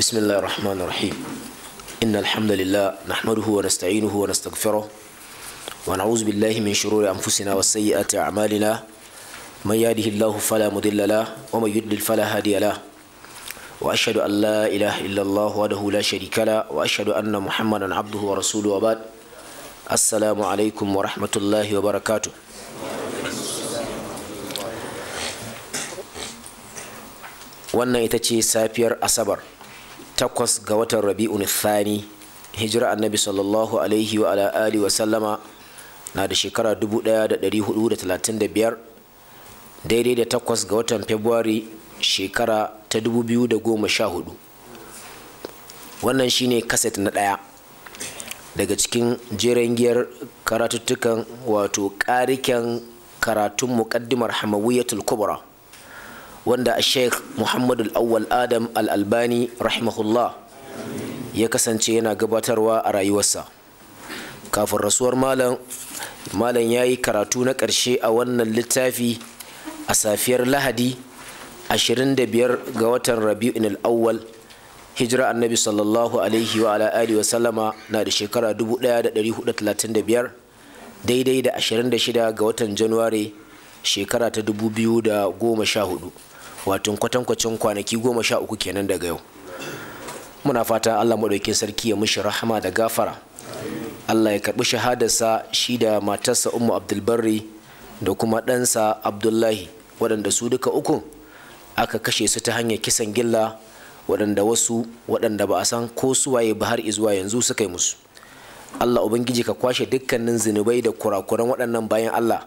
بسم الله الرحمن الرحيم إن الحمد لله نحمده ونستعينه ونستغفره ونعوذ بالله من شرور أنفسنا وسيئات أعمالنا من يهده الله فلا مضل له ومن يضلل فلا هادي له وأشهد أن لا إله إلا الله وحده لا شريك له وأشهد أن محمدا عبده ورسوله وبعد السلام عليكم ورحمة الله وبركاته wannan ita ce safiyar asabar takwas ga watan rabi'un thani hijira annabi sallallahu alaihi wa ala wa sallama na da shekara 1435 daidai da takwas ga watan february shekara ta da goma sha hudu wannan shine kaset na daya daga cikin jirangiyar giyar karatuttukan wato ƙariken karatun muƙaddimar hamawiyatul kubra wanda a sheikh muhammadu al'awwal adam al'albani rahimahullah ya kasance yana gabatarwa a rayuwarsa kafin rasuwar malam malam ya yi karatu na ƙarshe a wannan littafi a safiyar lahadi 25 ga watan rabi'un al-awwal hijira annabi sallallahu alaihi wa ala alihi wa sallama na da shekara 1435 daidai da 26 ga watan januwari shekara ta 2014 wato kwatankwacin kwanaki goma sha uku kenan daga yau muna fata allah maɗaukin sarki ya mishi rahama da gafara allah ya karɓi shahadarsa shi da matarsa umu abdulbarri da kuma ɗansa abdullahi waɗanda su duka uku aka kashe su ta hanyar kisan gilla waɗanda wasu waɗanda ba a san ko suwaye ba har izuwa yanzu suka yi musu allah ubangiji ka kwashe dukkanin zunubai da kurakuran waɗannan bayan allah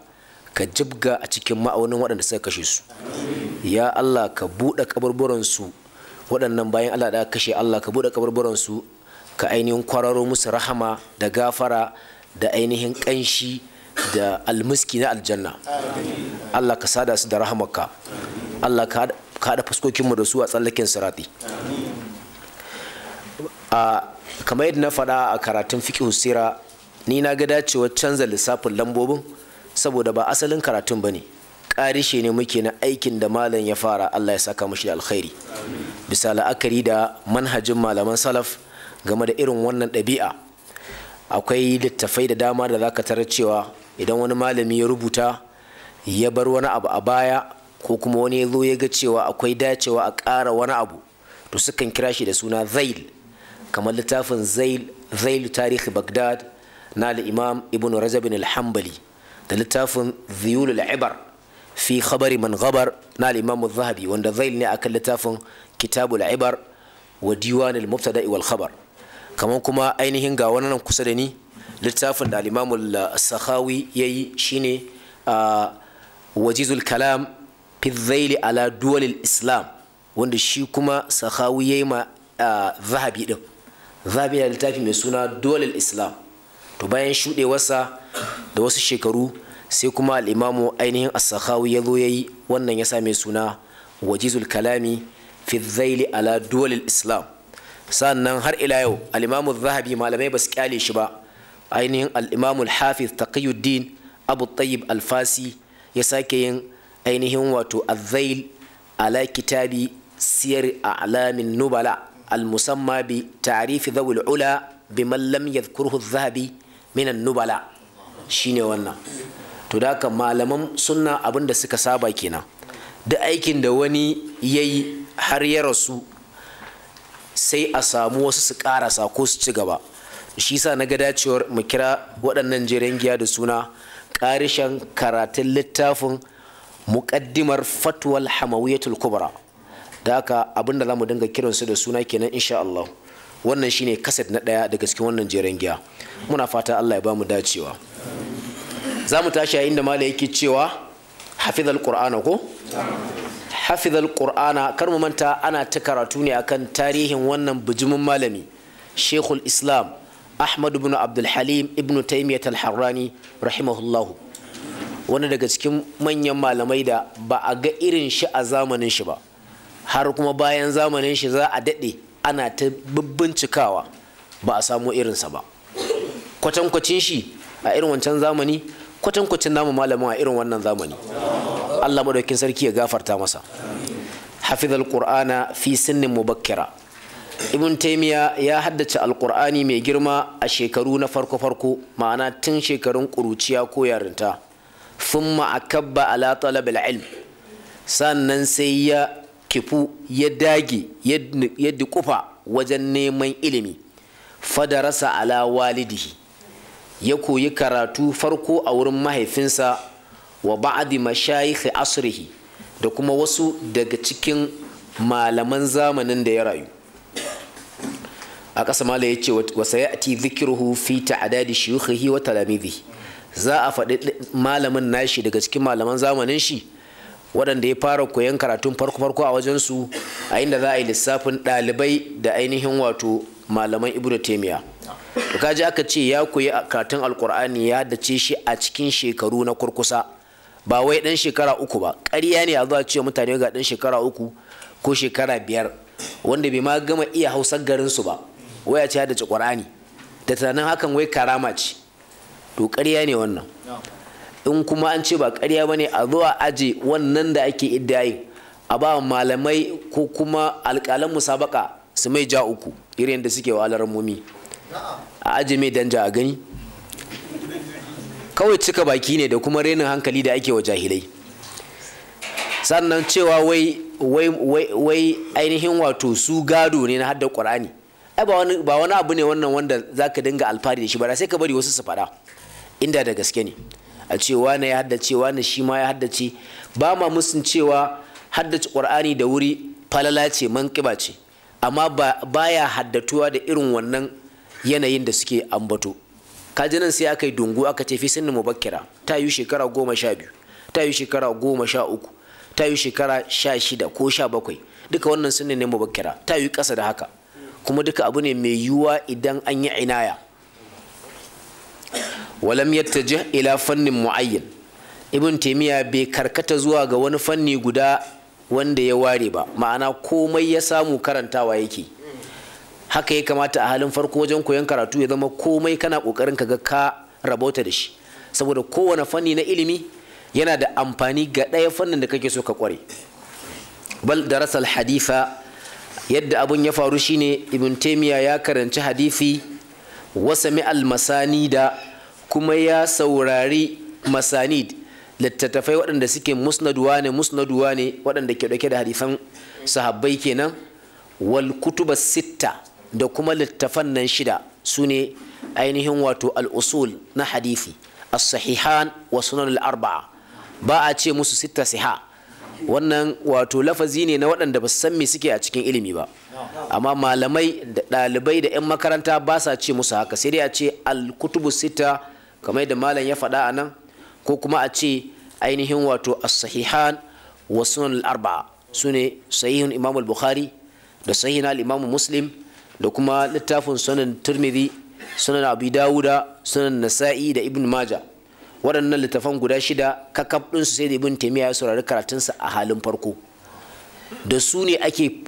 ka jibga a cikin ma'aunin waɗanda suka kashe su ya Allah ka buɗe kaburburansu waɗannan bayan Allah da kashe Allah ka buɗe kaburburansu ka ainihin kwararo musu rahama da gafara da ainihin ƙanshi da almuski na aljanna Allah ka sada su da rahamarka Allah ka haɗa fuskokinmu da su a tsallaken sirati a kamar yadda na faɗa a karatun fiƙi sira ni na ga dacewa canza lissafin lambobin saboda ba asalin karatun ba ne karishe ne muke na aikin da malam ya fara Allah ya saka mashi da alkhairi bisa la'akari da manhajin malaman salaf game da irin wannan ɗabi'a akwai littafai da dama da zaka tarar cewa idan wani malami ya rubuta ya bar wani abu a baya ko kuma wani ya zo ya ga cewa akwai dacewa a ƙara wani abu to sukan kira shi da suna zail kamar littafin zail zail tarihi bagdad na al-imam ibn rajab al-hanbali da littafin ziyulul ibar fi khabari man ghabar na al zahabi wanda zail ne akan littafin kitabul ibar wa diwan al-mubtada wal khabar kaman kuma ainihin ga wannan kusa da ni littafin da al-imam sakhawi yayi shine wajizul kalam fi zail ala duwal islam wanda shi kuma sakhawi yayi ma zahabi din zahabi da littafi mai suna duwal islam to bayan shudewarsa da wasu shekaru sai kuma al'imamu ainihin as-sakhawi ya zo yayi wannan ya same suna wajizul kalami fi dhaili ala duwalil islam sannan har ila yau imamu zahabi malamai ba su kyale shi ba ainihin al'imamu hafiz taqiyuddin abu tayyib alfasi ya sake yin ainihin wato azzail ala kitabi siyar a'lamin nubala al-musamma bi ta'rifi dhawil ula biman lam yadhkuruhu zahabi minan nubala shine wannan to da haka malaman suna abin da suka saba kenan duk aikin da wani ya yi har ya rasu sai a samu wasu su karasa ko su ci gaba shi sa na ga dacewar mu kira waɗannan jeren giya da suna ƙarishen karatun littafin muƙaddimar fatwal hamawiyatul kubra da haka abin da za mu dinga kiransu da suna kenan insha Allah wannan shine kaset na ɗaya daga cikin wannan jeren giya muna fata Allah ya ba mu dacewa za mu tashi a da mala yake cewa hafizal qur'ana ko hafizal qur'ana kar mu manta ana ta karatu ne akan tarihin wannan bijimin malami shekul islam ahmad ibn abdul halim ibn taymiyat al-harrani rahimahullah wani daga cikin manyan malamai da ba a ga irin shi a zamanin shi ba har kuma bayan zamanin shi za a daɗe ana ta bincikawa ba a samu irinsa ba kwatankwacin shi a irin wancan zamani kwatankwacin namu malamin a irin wannan zamani Allah madaukin sarki ya gafarta masa hafizal qur'ana fi sinnin mubakkira ibn taymiya ya haddace alqur'ani mai girma a shekaru na farko farko ma'ana tun shekarun kuruciya ko yarinta thumma akabba ala talab ilm sannan sai ya kifu ya dage ya kufa wajen neman ilimi fadarasa ala walidihi ya koyi karatu farko a wurin mahaifinsa wa ba'adi mashayikh asrihi da kuma wasu daga cikin malaman zamanin da ya rayu a ƙasa mala ya ce wa sayati zikirhu fi ta'adadi shuyukhihi wa talamizi za a faɗi malamin nashi daga cikin malaman zamanin shi waɗanda ya fara koyan karatun farko-farko a wajensu a inda za a yi lissafin ɗalibai da ainihin wato malaman ibnu taimiyya ka ji aka ce ya koyi karatun alkur'ani ya dace shi a cikin shekaru na kurkusa ba wai dan shekara uku ba ƙarya ne a zuwa ce mutane ga dan shekara uku ko shekara biyar wanda bai ma gama iya hausar garin su ba waya ce ya dace qur'ani da tunanin hakan wai karama ce to ƙarya ne wannan in kuma an ce ba ƙarya ba ne a zuwa aji wannan da ake iddayin a ba malamai ko kuma alƙalan musabaka su mai ja uku irin da suke wa mummi. a aje mai danja a gani kawai cika baki ne da kuma renin hankali da ake wa jahilai sannan cewa wai wai ainihin wato su gado ne na haddar qur'ani ba wani abu ne wannan wanda zaka dinga alfari da shi ba sai ka bari wasu su faɗa inda da gaske ne a cewa na ya haddace wani shi ma ya haddace ba ma musun cewa haddace qur'ani da wuri falala ce manqiba ce amma ba baya haddatuwa da irin wannan yanayin da suke ambato kaji nan sai aka yi dungu aka ce fi sinni bakira. ta yi shekara goma sha biyu ta yi shekara goma sha uku ta yi shekara sha shida ko sha bakwai duka wannan sunni ne bakira. ta yi ƙasa da haka kuma duka abu ne mai yiwuwa idan an yi inaya walam yattaji ila fannin mu'ayyan ibn taimiyya bai karkata zuwa ga wani fanni guda wanda ya ware ba ma'ana komai ya samu karantawa yake haka ya kamata a halin farko wajen koyon karatu ya zama komai kana kokarin ka ga ka rabota da shi saboda kowane fanni na ilimi yana da amfani ga ɗaya fannin da kake so ka kware bal darasal hadifa yadda abun ya faru shine ibn taymiya ya karanci hadifi wasami al da kuma ya saurari masanid littattafai waɗanda suke musnaduwa ne musnaduwa ne waɗanda ke ɗauke da hadifan sahabbai kenan wal kutuba sitta da kuma littafan nan shida su ne ainihin wato al'usul na hadithi as-sahihan wa sunan al-arba'a ba a ce musu sita siha wannan wato lafazi ne na waɗanda ba san me suke a cikin ilimi ba amma malamai da ɗalibai da 'yan makaranta ba sa ce musu haka sai dai a ce al-kutubu sitta kamar da malam ya faɗa a nan ko kuma a ce ainihin wato as-sahihan wa sunan al-arba'a sune sahihun imam al-bukhari da sahihin al-imam muslim da kuma littafin sunan turmidi sunan abu dawuda sunan nasa'i da ibn maja waɗannan littafan guda shida kakaf ɗinsu sai da ibn taimiyya ya saurari karatunsa a halin farko da su ne ake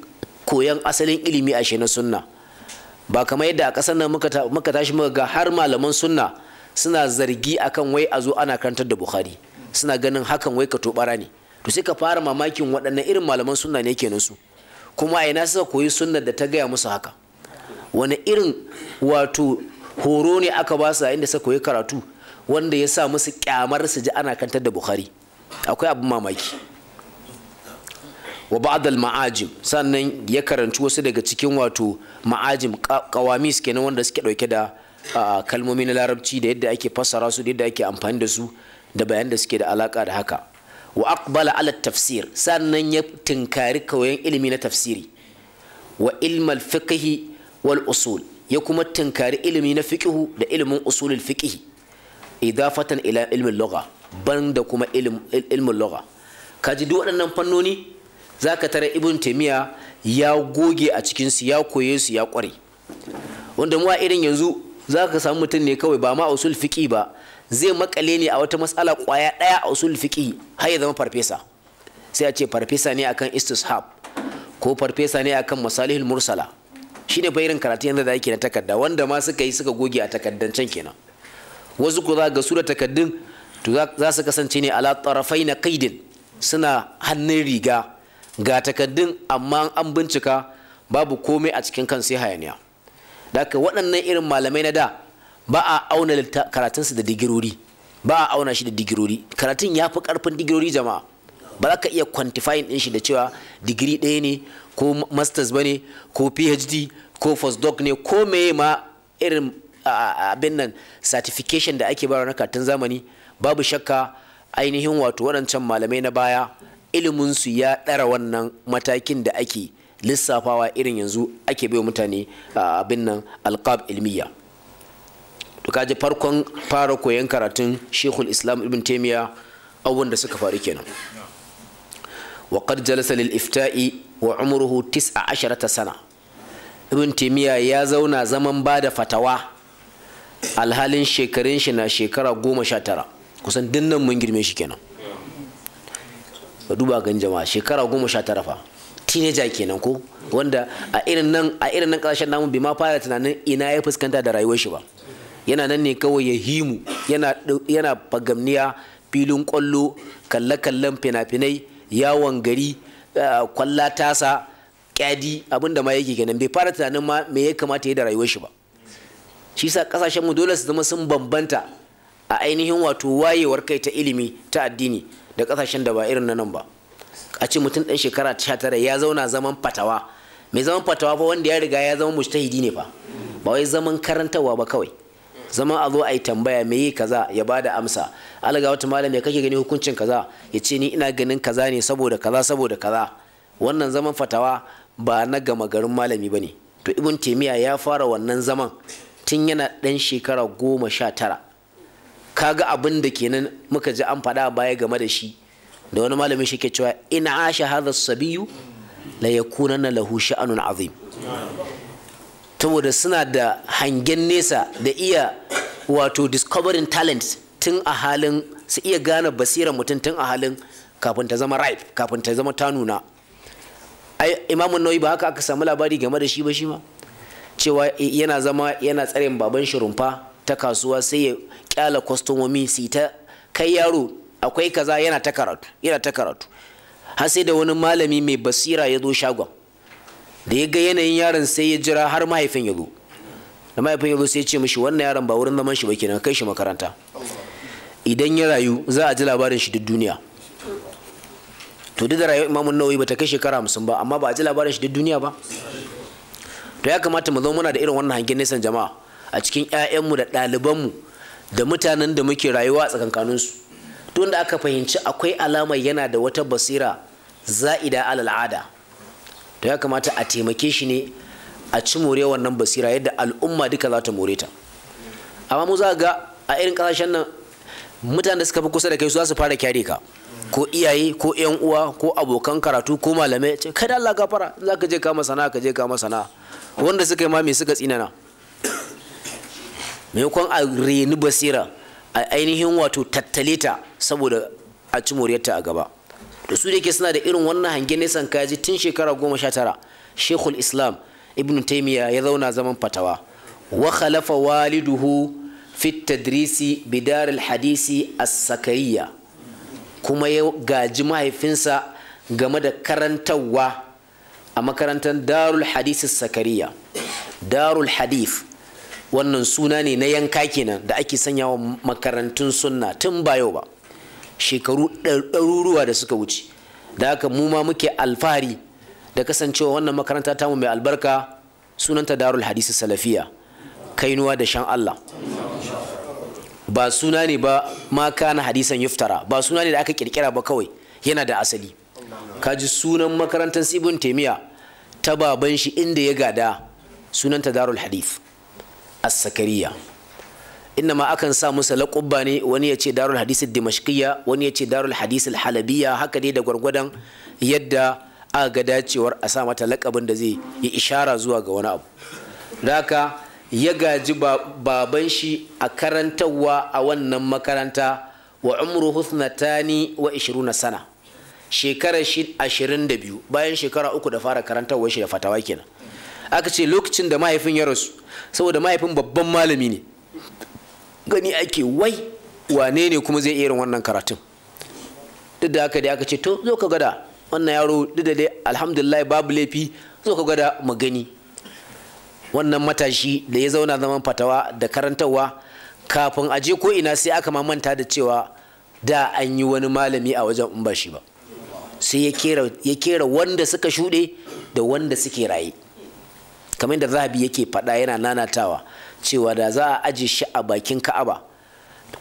koyan asalin ilimi a shi na sunna ba kamar yadda a ƙasar nan muka tashi muka ga har malaman sunna suna zargi akan wai a zo ana karantar da bukhari suna ganin hakan wai ka tobara ne to sai ka fara mamakin waɗannan irin malaman sunna ne kenan su kuma a ina suka koyi sunnar da ta gaya musu haka wani irin wato horo ne aka ba su yayin da suka koyi karatu wanda ya sa musu kyamar su ji ana kantar da bukhari akwai abin mamaki wa ba'dal ma'ajim sannan ya karanci wasu daga cikin wato ma'ajim qawamis kenan wanda suke dauke da kalmomi na larabci da yadda ake fassara su da yadda ake amfani da su da bayan da suke da alaka da haka wa aqbala ala tafsir sannan ya tinkari koyon ilimi na tafsiri wa ilmal fiqhi wal usul ya kuma tunkari ilimi na fiqhu da ilimin usulul fiqhi idafatan ila ilmin lugha ban da kuma ilmin lugha kaji duk waɗannan fannoni zaka tara ibn taymiya ya goge a cikin su ya koye su ya kware wanda mu a irin yanzu zaka samu mutum ne kawai ba ma usul fiqi ba zai makale ne a wata matsala kwaya daya a usul fiqi har ya zama farfesa sai a ce farfesa ne akan istishab ko farfesa ne akan masalihul mursala shine fa irin karatun yanzu da yake na takarda wanda ma suka yi suka goge a takaddan can kenan wasu ku za ga su da takaddun to za su kasance ne ala tarafai na kaidin suna hannun riga ga takaddun amma an bincika babu komai a cikin kan sai hayaniya da waɗannan irin malamai na da ba a auna karatunsu da digirori ba a auna shi da digirori karatun ya fi ƙarfin digirori jama'a ba za ka iya quantifying din shi da cewa digiri ɗaya ne ko masters ba ne ko phd ko postdoc ne ko meye ma irin abin nan certification da ake bayarwa na katin zamani babu shakka ainihin wato waɗancan malamai na baya iliminsu ya ɗara wannan matakin da ake lissafawa irin yanzu ake bai mutane abin nan alkab ilmiya to kaji farkon fara koyon karatun shekul islam ibn taimiya abubuwan da suka faru kenan وقد جلس للإفتاء وعمره تسع عشرة سنة ابن تيمية يا زونا زمن بعد fatawa. alhalin shekarun shi na shekara goma sha tara kusan dinnan mun girme shi kenan duba gan jama'a shekara goma sha tara fa kenan ko wanda a irin nan a irin nan kasashen namu bai ma fara tunanin ina ya fuskanta da rayuwar shi ba yana nan ne kawai ya himu yana yana fagamniya filin kwallo kalle-kallen fina-finai yawon gari eh, kwalla tasa kyadi abinda ma yake kenan bai fara tunanin ma me ya kamata ya da rayuwar shi ba shi sa kasashen mu dole su zama sun bambanta a ainihin wato wayewar kai ta ilimi ta addini da kasashen da ba irin na nan ba a ce mutum ɗan shekara 19 ya zauna zaman fatawa mai zaman fatawa fa wanda ya riga ya zama mujtahidi ne fa ba wai zaman karantarwa ba kawai zama a zo a yi tambaya me yi kaza ya ba da amsa alaga wata malam kake gani hukuncin kaza ya ce ni ina ganin kaza ne saboda kaza saboda kaza wannan zaman fatawa ba na gama garin malami ba ne to ibn taimiya ya fara wannan zaman tun yana ɗan shekara goma sha tara ka ga abin da kenan muka ji an faɗa baya game da shi da wani malami shi ke cewa ina asha hadha sabiyu la yakuna lahu sha'anun azim saboda suna da hangen nesa da iya wato discovering talent tun a halin su iya gane basirar mutum tun a halin kafin ta zama ripe kafin ta zama ta nuna ai imamun nauyi ba haka aka samu labari game da shi ba shi ma cewa yana zama yana tsare baban shi rumfa ta kasuwa sai ya kyala kwastomomi su ta kai yaro akwai kaza yana ta karatu yana ta karatu har sai da wani malami mai basira ya zo shagon da ya ga yanayin yaron sai ya jira har mahaifin ya zo da mahaifin ya zo sai ya ce mishi wannan yaron ba wurin zaman shi ba kenan kai shi makaranta idan ya rayu za a ji labarin shi duk duniya to duk da rayuwar imamu nawawi ba ta kai shekara hamsin ba amma ba a ji labarin shi duk duniya ba to ya kamata mu zama muna da irin wannan hangen nesa jama'a a cikin 'ya'yanmu da ɗalibanmu da mutanen da muke rayuwa a tsakankaninsu tun da aka fahimci akwai alamar yana da wata basira za'ida al'ada to ya kamata a taimake shi ne a ci more wannan basira yadda al'umma duka za ta more ta amma mu za ga a irin kasashen nan mutanen da suka fi kusa da kai su za su fara kyare ka ko iyaye ko yan uwa ko abokan karatu ko malamai ce kada Allah gafara za ka je kama sana'a ka je kama sana'a wanda suka yi ma me suka tsinana kwan a reni basira a ainihin wato tattale ta saboda a ci moriyarta a gaba da su da ke suna da irin wannan hangen nesan kaji tun shekara goma sha tara shekul islam ibn taimiya ya zauna zaman fatawa wa khalafa waliduhu fi tadrisi bidar hadisi as-sakariya kuma ya gaji mahaifinsa game da karantarwa a makarantar darul hadisi sakariya darul hadif wannan suna ne na yanka kenan da ake sanyawa makarantun sunna tun ba yau ba shekaru ɗaruruwa da suka wuce da haka mu ma muke alfahari da kasancewa wannan makaranta tamu mai albarka sunanta darul hadisi salafiya kainuwa da shan Allah ba suna ne ba ma kana hadisan yuftara ba suna ne da aka kirkira ba kawai yana da asali kaji sunan makarantar sibin taimiya ta baban shi inda ya gada sunanta darul hadith as-sakariya inna ma akan sa musu laƙubba ne wani ya ce darul hadisi dimashkiya wani ya ce darul hadisi halabiya haka dai da gwargwadon yadda aka ga dacewar a sa mata laƙabin da zai yi ishara zuwa ga wani abu haka ya gaji baban shi a karantarwa a wannan makaranta wa umru husnatani wa ishiruna sana shekara shi ashirin da biyu bayan shekara uku da fara karantarwa shi da fatawa kenan aka ce lokacin da mahaifin ya rasu saboda mahaifin babban malami ne gani ake wai wane ne kuma zai irin wannan karatun duk da haka dai aka ce to zo ka gada wannan yaro duk da dai alhamdulillah babu laifi zo ka gada mu gani wannan matashi da ya zauna zaman fatawa da karantarwa kafin aje ko ina sai aka ma manta da cewa da an yi wani malami a wajen in ba shi ba sai ya kera wanda suka shuɗe da wanda suke raye kamar da zahabi yake faɗa yana nanatawa cewa da za a aje shi a bakin ka'aba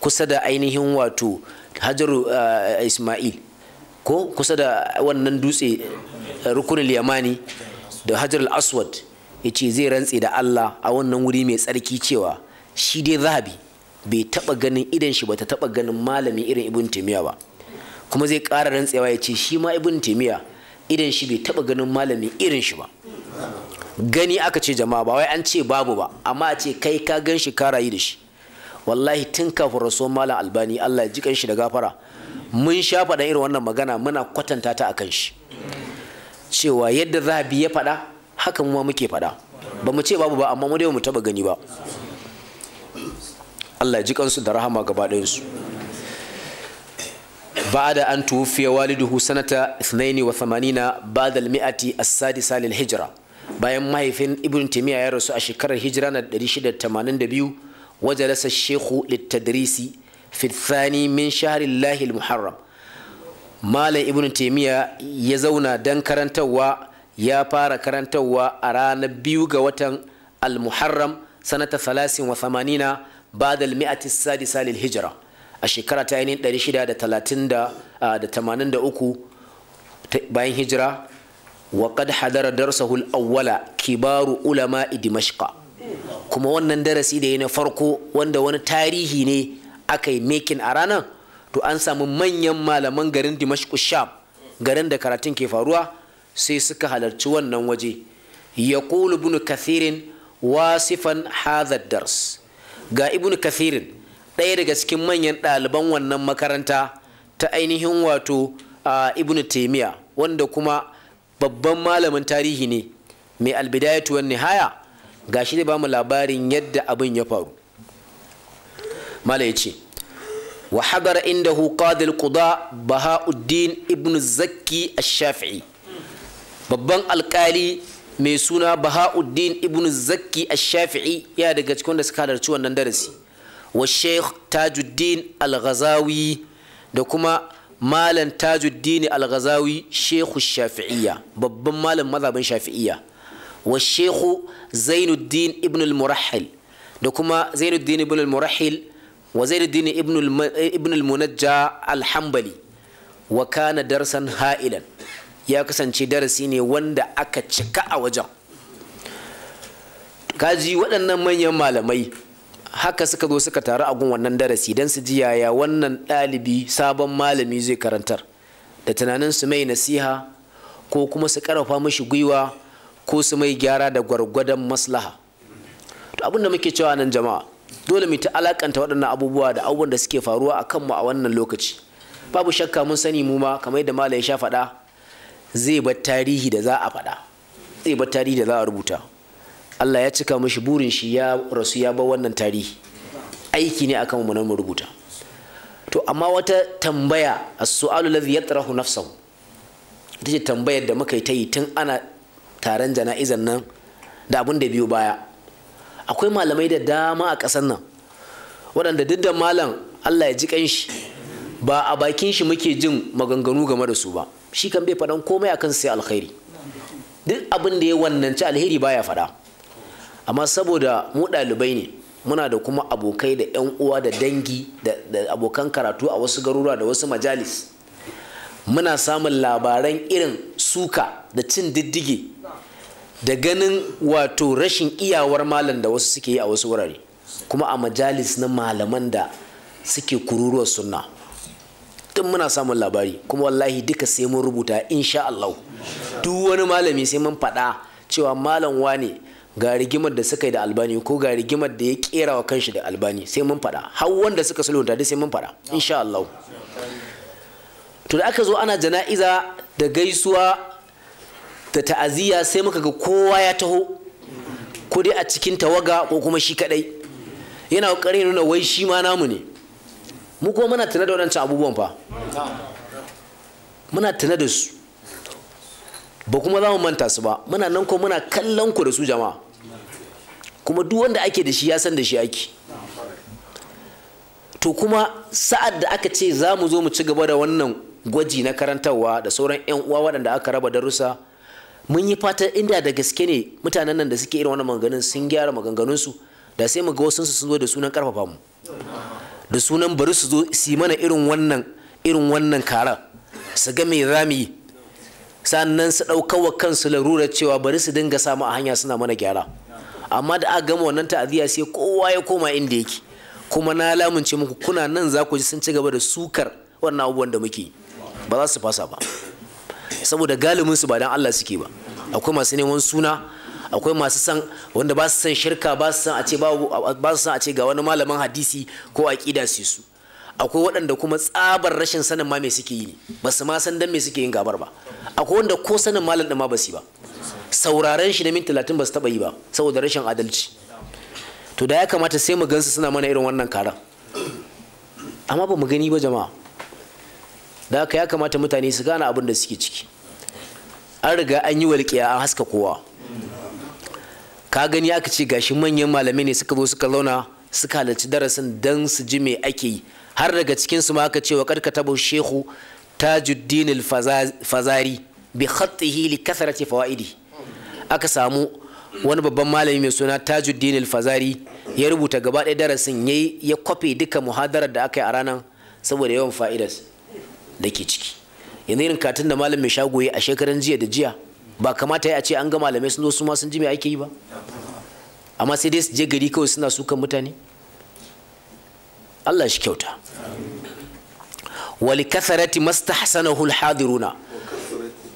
kusa da ainihin wato hajaru eh, ismail ko kusa da wannan dutse eh, rukunin yamani da hajar aswad ya ce zai rantse da allah a wannan wuri mai tsarki cewa shi dai zahabi bai taba ganin idan shi ba ta taba ganin malami irin ibn taimiyya ba kuma zai kara rantsewa ya ce shi ma ibn taimiyya idan shi bai taba ganin malami irin shi ba gani aka ce jama'a ba wai an ce babu ba amma a ce kai ka gan shi ka rayu da shi wallahi tun kafin rasuwar malam albani allah ji kan shi da gafara mun sha faɗa irin wannan magana muna kwatanta ta akan shi cewa yadda bi ya faɗa haka mu ma muke faɗa ba mu ce babu ba amma mu dai mu taba gani ba allah ji kansu da rahama gaba ɗayansu بعد أن توفي والده سنة 82 بعد المئة السادسة للهجرة bayan mahaifin ibn timiya ya rasu a shekarar hijira na 682 wajalasa shehu littadrisi fi min shahri lahil muharram malam ibn timiya ya zauna dan karantarwa ya fara karantarwa a ranar biyu ga watan al-muharram sanata thamanina ba da miati sadisa lil hijira. a shekara ta ainihin 683 bayan hijira wa qad hadara darsahu awwala kibaru ulama dimashqa kuma wannan darasi da ya na farko wanda wani tarihi ne aka yi making a ranar to an samu manyan malaman garin dimashqu sham garin da karatun ke faruwa sai suka halarci wannan waje yaqulu bin kathirin wasifan hadha dars ga ibn kathirin ɗaya daga cikin manyan ɗaliban wannan makaranta ta ainihin wato a ibn taimiya wanda kuma babban malamin tarihi ne mai albidayatu wan nihaya ga shi zai bamu labarin yadda abin ya faru mala ce wa inda indahu qadil quda bahauddin ibn zakki ash-shafi'i babban alkali mai suna bahauddin ibn zakki ash-shafi'i ya daga cikin da suka halarci wannan darasi wa sheikh tajuddin al-ghazawi da kuma malam tajuddini al-ghazawi shehu shafi'iyya babban malam mazhabin shafi'iyya wa shehu zainuddin ibn al-murahil da kuma zainuddin ibn al-murahil wa zainuddin ibn al-munajja al-hanbali wa kana darsan ha'ilan ya kasance darasi ne wanda aka cika a wajen kaji waɗannan manyan malamai haka suka zo suka taru a gun wannan darasi don su ji yaya wannan ɗalibi sabon malami zai karantar da tunanin su mai nasiha ko kuma su karafa mashi gwiwa ko su mai gyara da gwargwadon maslaha to abin da muke cewa nan jama'a dole mu ta alakanta waɗannan abubuwa da abubuwan da suke faruwa a kanmu a wannan lokaci babu shakka mun sani mu ma kamar da malam ya sha faɗa zai bar tarihi da za a faɗa zai bar tarihi da za a rubuta Allah ya cika mashi burin shi ya rasu ya ba wannan tarihi aiki ne akan mu mu rubuta to amma wata tambaya as-su'alu alladhi yatrahu nafsahu ta ce tambayar da muka yi yi tun ana taron jana'izan nan da abin da biyu baya akwai malamai da dama a ƙasar nan waɗanda duk da malam Allah ya ji kanshi ba a bakin shi muke jin maganganu game da su ba shi kan bai faɗan komai akan sai alkhairi duk abin da ya ci alheri baya faɗa amma saboda mu ɗalibai ne muna da kuma abokai da 'yan uwa da dangi da abokan karatu a wasu garuruwa da wasu majalis muna samun labaran irin suka da cin diddige da ganin wato rashin iyawar malam da wasu suke yi a wasu wurare kuma a majalis na malaman da suke kururuwar sunna tun muna samun labari kuma wallahi duka sai mun rubuta insha Allah duk wani malami sai mun faɗa cewa malam ne. ga rigimar da suka yi da albani ko ga rigimar da ya kera wa kanshi da albani sai mun faɗa har wanda suka sulhunta dai sai mun faɗa insha Allah to da aka zo ana jana'iza da gaisuwa da ta'aziyya sai muka ga kowa ya taho ko dai a cikin tawaga ko kuma shi kadai yana kokarin nuna wai shi ma namu ne mu kuma muna tana da wadancan abubuwan fa muna tana da su ba kuma za mu manta su ba muna nan ko muna kallon ku da su jama'a kuma duk wanda ake da shi ya san da shi ake to kuma sa'ad da aka ce za mu zo mu ci gaba da wannan gwaji na karantarwa da sauran 'yan uwa waɗanda aka raba darussa mun yi fatan inda da gaske ne mutanen nan da suke irin wannan maganganun sun gyara maganganunsu da sai mu ga wasu sun zo da sunan karfafa mu da sunan bari su zo su mana irin wannan irin wannan kara su ga me za sannan su ɗaukawa kansu larurar cewa bari su dinga samu a hanya suna mana gyara amma da aka gama wannan ta'aziyya sai kowa ya koma inda yake kuma na lamunce muku kuna nan za ku ji sun ci gaba da sukar wannan abubuwan da muke ba za su fasa ba saboda galibin su ba dan Allah suke ba akwai masu neman suna akwai masu san wanda ba su san shirka ba su san a ce ba su san a ce ga wani malamin hadisi ko aqida su su akwai waɗanda kuma tsabar rashin sanin ma me suke yi ne ba su ma san dan me suke yin gabar ba akwai wanda ko sanin malam din ma ba su ba sauraren shi na min talatin ba su taɓa yi ba saboda rashin adalci to da ya kamata sai mu gansu suna mana irin wannan karan amma ba mu gani ba jama'a da haka ya kamata mutane su gane abin da suke ciki an riga an yi walƙiya an haska kowa ka gani aka ce gashi manyan malamai ne suka zo suka zauna suka halarci darasin dan su ji me ake yi har daga cikin su ma aka ce wa karka tabo shehu tajuddin al-fazari bi khatihi li kasarati fawaidi aka samu wani babban malami mai suna tajuddin alfazari fazari ya rubuta gaba ɗaya darasin ya ya kwafe duka muhadarar da aka yi a ranar saboda yawan fa'idas da ke ciki yanzu irin katin da malam mai shago a shekaran jiya da jiya ba kamata ya ce an ga malamai sun zo su ma sun ji me ake yi ba amma sai dai su je gari kawai suna sukan mutane Allah shi kyauta wali kasarati mastahsanahu al-hadiruna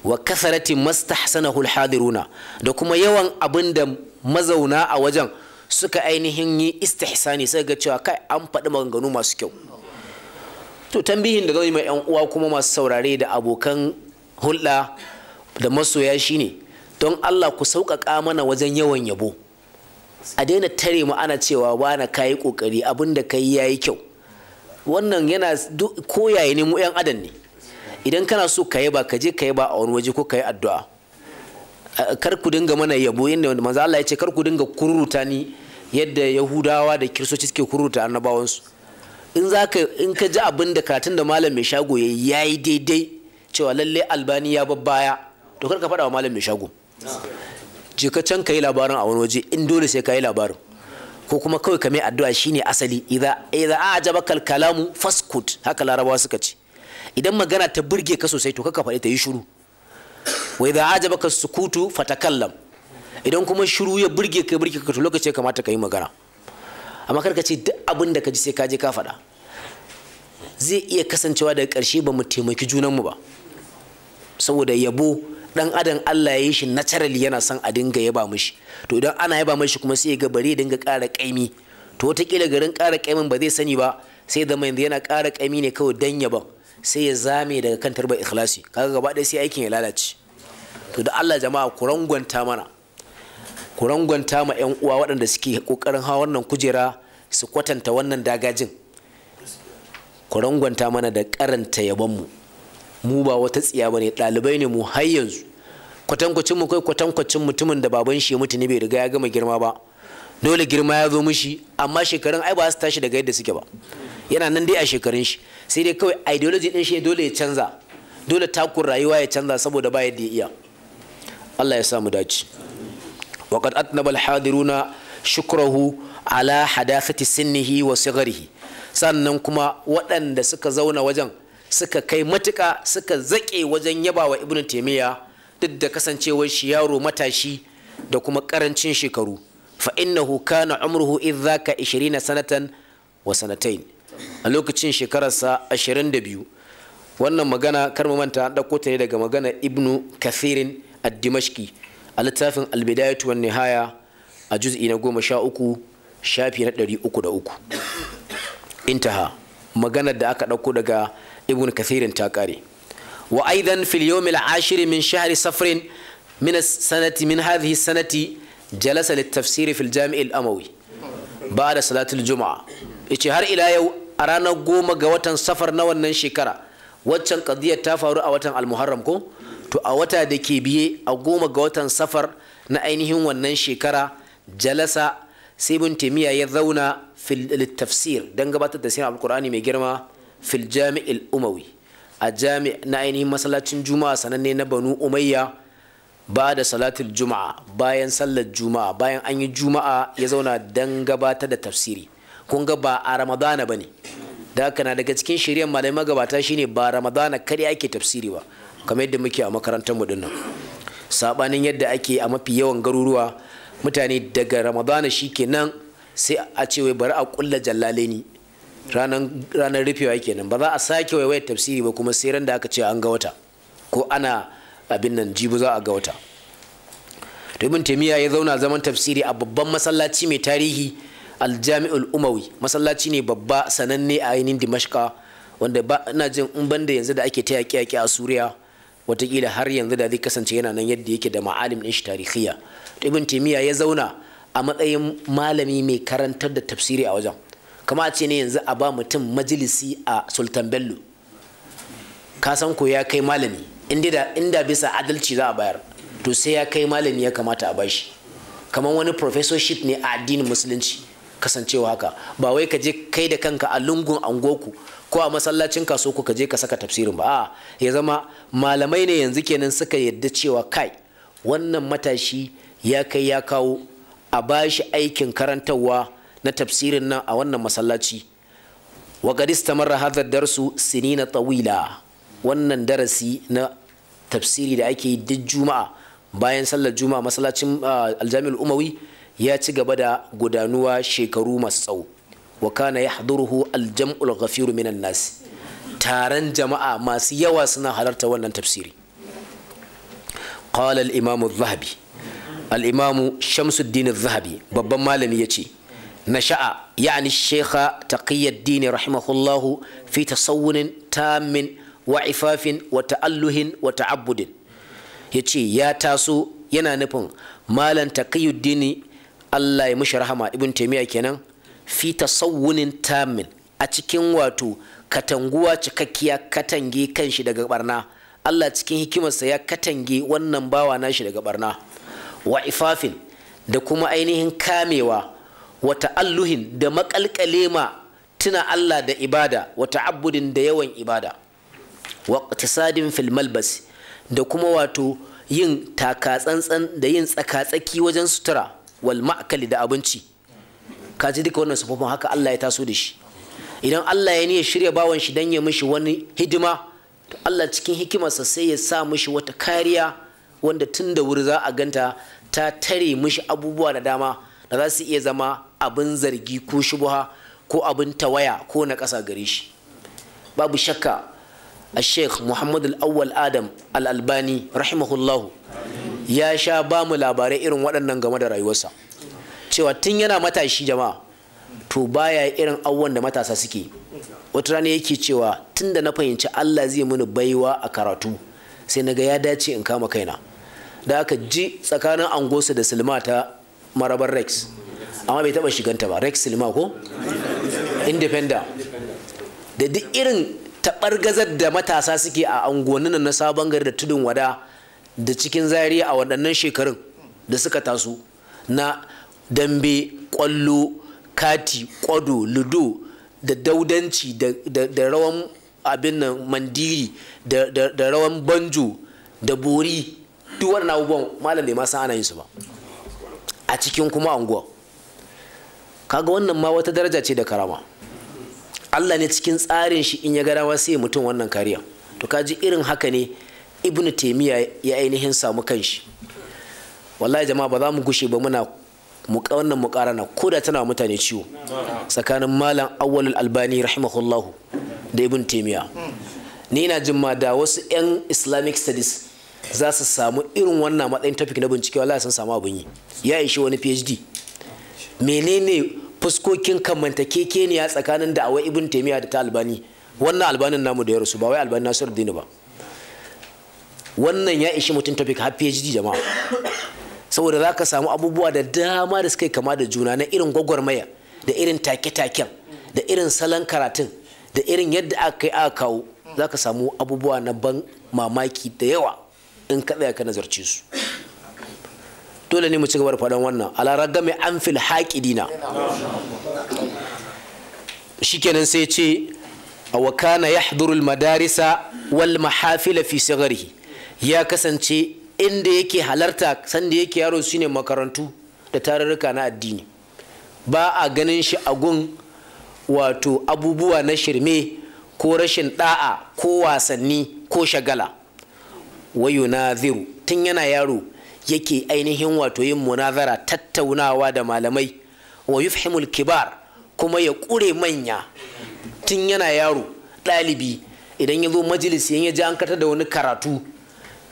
wa kasarati mastahsanahu alhadiruna da kuma yawan abin da mazauna a wajen suka ainihin yi istihsani sai ga cewa kai an faɗi maganganu masu kyau to tambihin da zai mai yan uwa kuma masu saurare da abokan hulɗa da masoya shine don Allah ku sauƙaƙa mana wajen yawan yabo a daina tare mu ana cewa wana kayi ƙoƙari abin da kai yayi kyau wannan yana koyaye ne mu yan adam ne idan kana so ka yaba ka je ka yaba a wani waje ko ka yi addu'a kar ku dinga mana yabo yadda manzo Allah ya ce kar ku dinga kururuta ni yadda yahudawa da kiristoci suke kururuta annabawansu in za ka in ka ji abin da karatun da malam mai shago ya yi daidai cewa lalle albani ya babbaya to kar ka faɗa wa malam mai shago je ka can ka yi labarin a wani waje in dole sai ka yi labarin ko kuma kawai ka mai addu'a shine asali idza idza ajabakal kalamu faskut haka larabawa suka ce idan magana ta burge ka sosai to kaka faɗi ta yi shiru wa idza ajabaka sukutu fatakallam idan kuma shiru ya burge ka burge ka to lokaci ya kamata ka yi magana amma kar ka ce duk abin da ka ji sai ka je ka faɗa zai iya kasancewa daga ƙarshe ba mu taimaki junanmu ba saboda yabo dan adam Allah ya yi shi naturally yana son a dinga yaba mishi to idan ana yaba mishi kuma sai ya ga bare ya dinga ƙara ƙaimi to wataƙila garin ƙara ƙaimin ba zai sani ba sai da yanzu yana ƙara ƙaimi ne kawai dan yaban sai ya zame daga kan tarbar ikhlasi kaga gaba ɗaya sai aikin ya lalace to da Allah jama'a ku rangwanta mana ku rangwanta ma yan uwa waɗanda suke kokarin hawa wannan kujera su kwatanta wannan dagajin ku rangwanta mana da karanta yabon mu mu ba wata tsiya bane ɗalibai ne mu har yanzu kwatankwacin mu kai kwatankwacin mutumin da baban shi ya mutu ne bai riga ya gama girma ba dole girma ya zo mishi amma shekarun ai ba su tashi daga yadda suke ba yana nan dai a shekarun shi sai dai kawai ideology din shi dole ya canza dole takun rayuwa ya canza saboda ba yadda ya iya Allah ya samu dace waqad atnaba al-hadiruna shukrahu ala hadathati sinnihi wa sigharihi sannan kuma waɗanda suka zauna wajen suka kai matuka suka zake wajen yabawa ibnu taymiya duk da kasancewar shi yaro matashi da kuma karancin shekaru fa innahu kana umruhu idh dhaka 20 sanatan wa sanatayn a lokacin shekararsa biyu, wannan magana kar manta an ɗauko ta ne daga magana ibnu kathirin a dimashqi a littafin al-bidayatu nihaya a juz'i na goma sha uku shafi na ɗari uku da uku intaha maganar da aka ɗauko daga Ibnu kathirin ta ƙare wa aidan fil yawmil ashir min shahri safrin min sanati min hadhihi sanati jalasa lit fil jami'il amawi ba'da salatul Juma'a. jum'a yace har ila yau a ranar goma ga watan safar na wannan shekara waccan kadiyar ta faru a watan almuharram ko to a wata da ke biye a goma ga watan safar na ainihin wannan shekara jalasa sai ibn taimiyya ya zauna fil tafsir dan gabatar da siyan al'kurani mai girma fil jami'il umawi a jami' na ainihin masallacin juma'a sananne na banu umayya ba da salatul juma'a bayan sallar juma'a bayan an yi juma'a ya zauna dan gabatar da tafsiri kun ga ba a ramadana ba ne da haka na daga cikin shirin malamai magabata shine ba ramadana kare ake tafsiri ba kamar yadda muke a makarantar mu dinnan sabanin yadda ake a mafi yawan garuruwa mutane daga ramadana shikenan sai a ce wai bari a kulla jallale ni ranar rufewa kenan ba za a sake waiwayar tafsiri ba kuma sai ran da aka ce an ga wata ko ana abin nan jibu za a ga wata to ibn taymiya ya zauna zaman tafsiri a babban masallaci mai tarihi aljami'ul umawi masallaci ne babba sananne a ainihin dimashka wanda ba ina jin in banda yanzu da ake ta yaƙi yaƙi a suriya watakila har yanzu da zai kasance yana nan yadda yake da ma'alim ɗin shi tarihiya ibn timiya ya zauna a matsayin malami mai karantar da tafsiri a wajen kama a ce ne yanzu a ba mutum majalisi a sultan bello ka san ko ya kai malami inda bisa adalci za a bayar to sai ya kai malami ya kamata a bashi kamar wani professorship ne a addinin musulunci kasancewa haka ba wai ka je kai da kanka a lungun angoku ko a masallacin kaso ku ka je ka saka tafsirin ba a ya zama malamai ne yanzu kenan suka yadda cewa kai wannan matashi ya kai ya kawo a bashi aikin karantarwa na tafsirin nan a wannan masallaci wa gadista mara hadar darsu sinina tawila wannan darasi na tafsiri da ake yi duk juma'a bayan sallar juma'a masallacin ah, aljami'ul umawi ya ci gaba da gudanuwa shekaru masu tsawo wa kana aljam'ul ghafiru minan nas taron jama'a masu yawa suna halarta wannan tafsiri qala al-imam adh-dhahabi al imamu shamsuddin zahabi babban malami yace nasha'a yani shekha taqiyuddin rahimahullahu fi tasawwunin tammin wa ifafin wa ta'alluhin wa ta'abbudin yace ya taso yana nufin malam dini. Allah ya mushi rahama ibn taimiyya kenan fi tasawunin tamin a cikin wato katanguwa cikakkiya katange kanshi daga barna Allah cikin hikimarsa ya katange wannan bawa nashi daga barna wa ifafin da kuma ainihin kamewa wata alluhin da makalkale ma tuna Allah da ibada wata ta'abbudin da yawan ibada wa tasadin fil malbas da kuma wato yin takatsantsan da yin tsakatsaki wajen sutura wal ma'kali da abinci ka ji duka wannan sufafin haka Allah ya taso da shi idan Allah ya niyyar shirya bawan shi dan ya mishi wani hidima to Allah cikin hikimarsa sai ya sa mishi wata kariya wanda tun da wuri za a ganta ta tare mishi abubuwa da dama da za su iya zama abin zargi ko shubuha ko abin tawaya ko na ƙasa gare shi babu shakka a sheikh muhammadu al'awwal adam al-albani rahimahullahu ya sha ba mu labarai irin waɗannan game da rayuwarsa cewa tun yana matashi jama'a to baya irin awon da matasa suke wata rana yake cewa tun da na fahimci Allah zai mini baiwa a karatu sai na ga ya dace in kama kaina da aka ji tsakanin angosa da silma ta marabar rex amma bai taba shiganta ba rex silma ko independent da duk irin taɓargazar da matasa suke a angonin na sabon gari da tudun wada da cikin zariya a waɗannan shekarun da suka taso na dambe ƙwallo kati ƙwado ludo da daudanci da rawan abin nan mandiri da rawan banjo da bori duk waɗannan abubuwan malam ne ma san ana yin su ba a cikin kuma anguwa kaga wannan ma wata daraja ce da karama Allah ne cikin tsarin shi in ya ga dama sai mutum wannan kariya to kaji irin haka ne ibn taimiyya ya ainihin samu kanshi wallahi jama'a ba za mu gushe ba muna wannan mukarana ko da tana mutane ciwo tsakanin malam awwalul albani rahimahullahu da ibn taimiyya ni ina jin ma da wasu 'yan islamic studies za su samu irin wannan matsayin topic na bincike wallahi sun samu abin yi ya ishi wani phd menene fuskokin kamantakekeniya tsakanin da awai ibn taimiyya da ta albani wannan albanin namu da ya rasu ba wai albanin nasiru dini ba wannan ya ishi mutum ka har ji jama'a saboda za ka samu abubuwa da dama da suka yi kama da juna na irin gwagwarmaya da irin take-taken da irin salon karatun da irin yadda aka yi aka kawo za ka samu abubuwa na ban mamaki da yawa in ka tsaya ka nazarce su dole ne mu ci gaba da faɗan wannan alaragga mai an fil haƙidina shikenan sai ce a wakana ya madarisa wal mahafila fi sigarihi ya kasance inda yake halarta sanda yake yaro shine makarantu da tarurruka na addini ba a ganin shi a gun wato abubuwa na shirme ko rashin da'a ko wasanni ko shagala wayo na ziru tun yana yaro yake ainihin wato yin munazara tattaunawa da malamai wa yufhimul kibar kuma ya kure manya tun yana yaro ɗalibi idan ya zo majalis yan ya ji an da wani karatu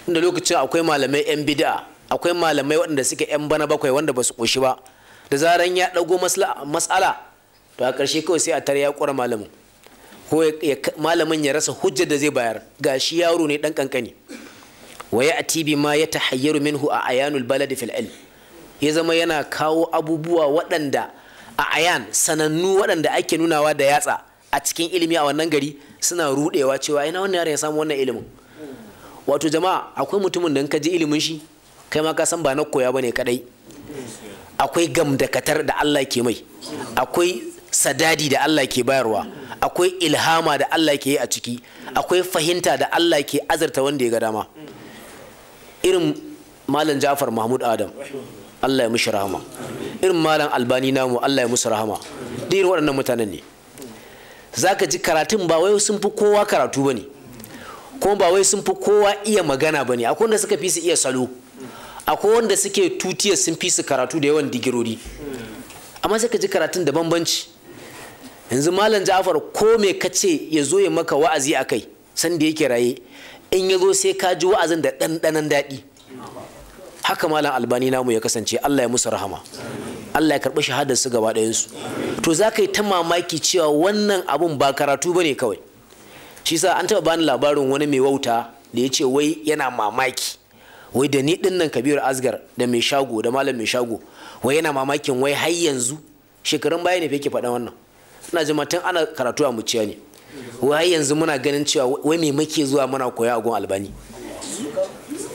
inda lokacin akwai malamai 'yan bida akwai malamai waɗanda suke 'yan bana bakwai wanda ba su ƙoshi ba da zaran ya ɗago matsala to a ƙarshe kawai sai a tare ya ƙura malamin ko malamin ya rasa hujjar da zai bayar ga shi yaro ne ɗan ƙanƙani wa ya atibi ma ya tahayyaru minhu a ayanul baladi fil ya zama yana kawo abubuwa waɗanda a ayan sanannu waɗanda ake nunawa da yatsa a cikin ilimi a wannan gari suna ruɗewa cewa ina wannan yaron ya samu wannan ilimin wato jama'a akwai mutumin da ka ji ilimin shi kai ma ka san ba na koya bane kadai akwai gamdakatar da Allah ke mai akwai sadadi da Allah ke bayarwa akwai ilhama da Allah ke yi a ciki akwai fahimta da Allah ke azarta wanda ya ga dama irin malam Ja'far Mahmud Adam Allah ya mishi rahama irin malam Albani namu Allah ya musu rahama duk irin waɗannan mutanen ne zaka ji karatun ba wai sun fi kowa karatu bane kuma ba wai sun fi kowa iya magana ba ne akwai wanda suka fi su iya salo akwai wanda suke tutiya sun fi su karatu da yawan digirori amma sai ka ji karatun da bambanci yanzu malam ja'afar ko me ka ce ya zo ya maka wa'azi a kai sanda yake raye in ya zo sai ka ji wa'azin da ɗanɗanan daɗi haka malam albani namu ya kasance allah ya musu rahama allah ya karɓi shahadar su gaba ɗayansu to za ka yi ta mamaki cewa wannan abun ba karatu ba ne kawai shi sa an taɓa bani labarin wani mai wauta da ya ce wai yana mamaki wai da ni dinnan kabiru asgar da mai shago da malam mai shago wai yana mamakin wai har yanzu shekarun baya ne yake faɗa wannan ina jima tun ana karatu a muciya ne wai har yanzu muna ganin cewa wai mai muke zuwa muna koya a gun albani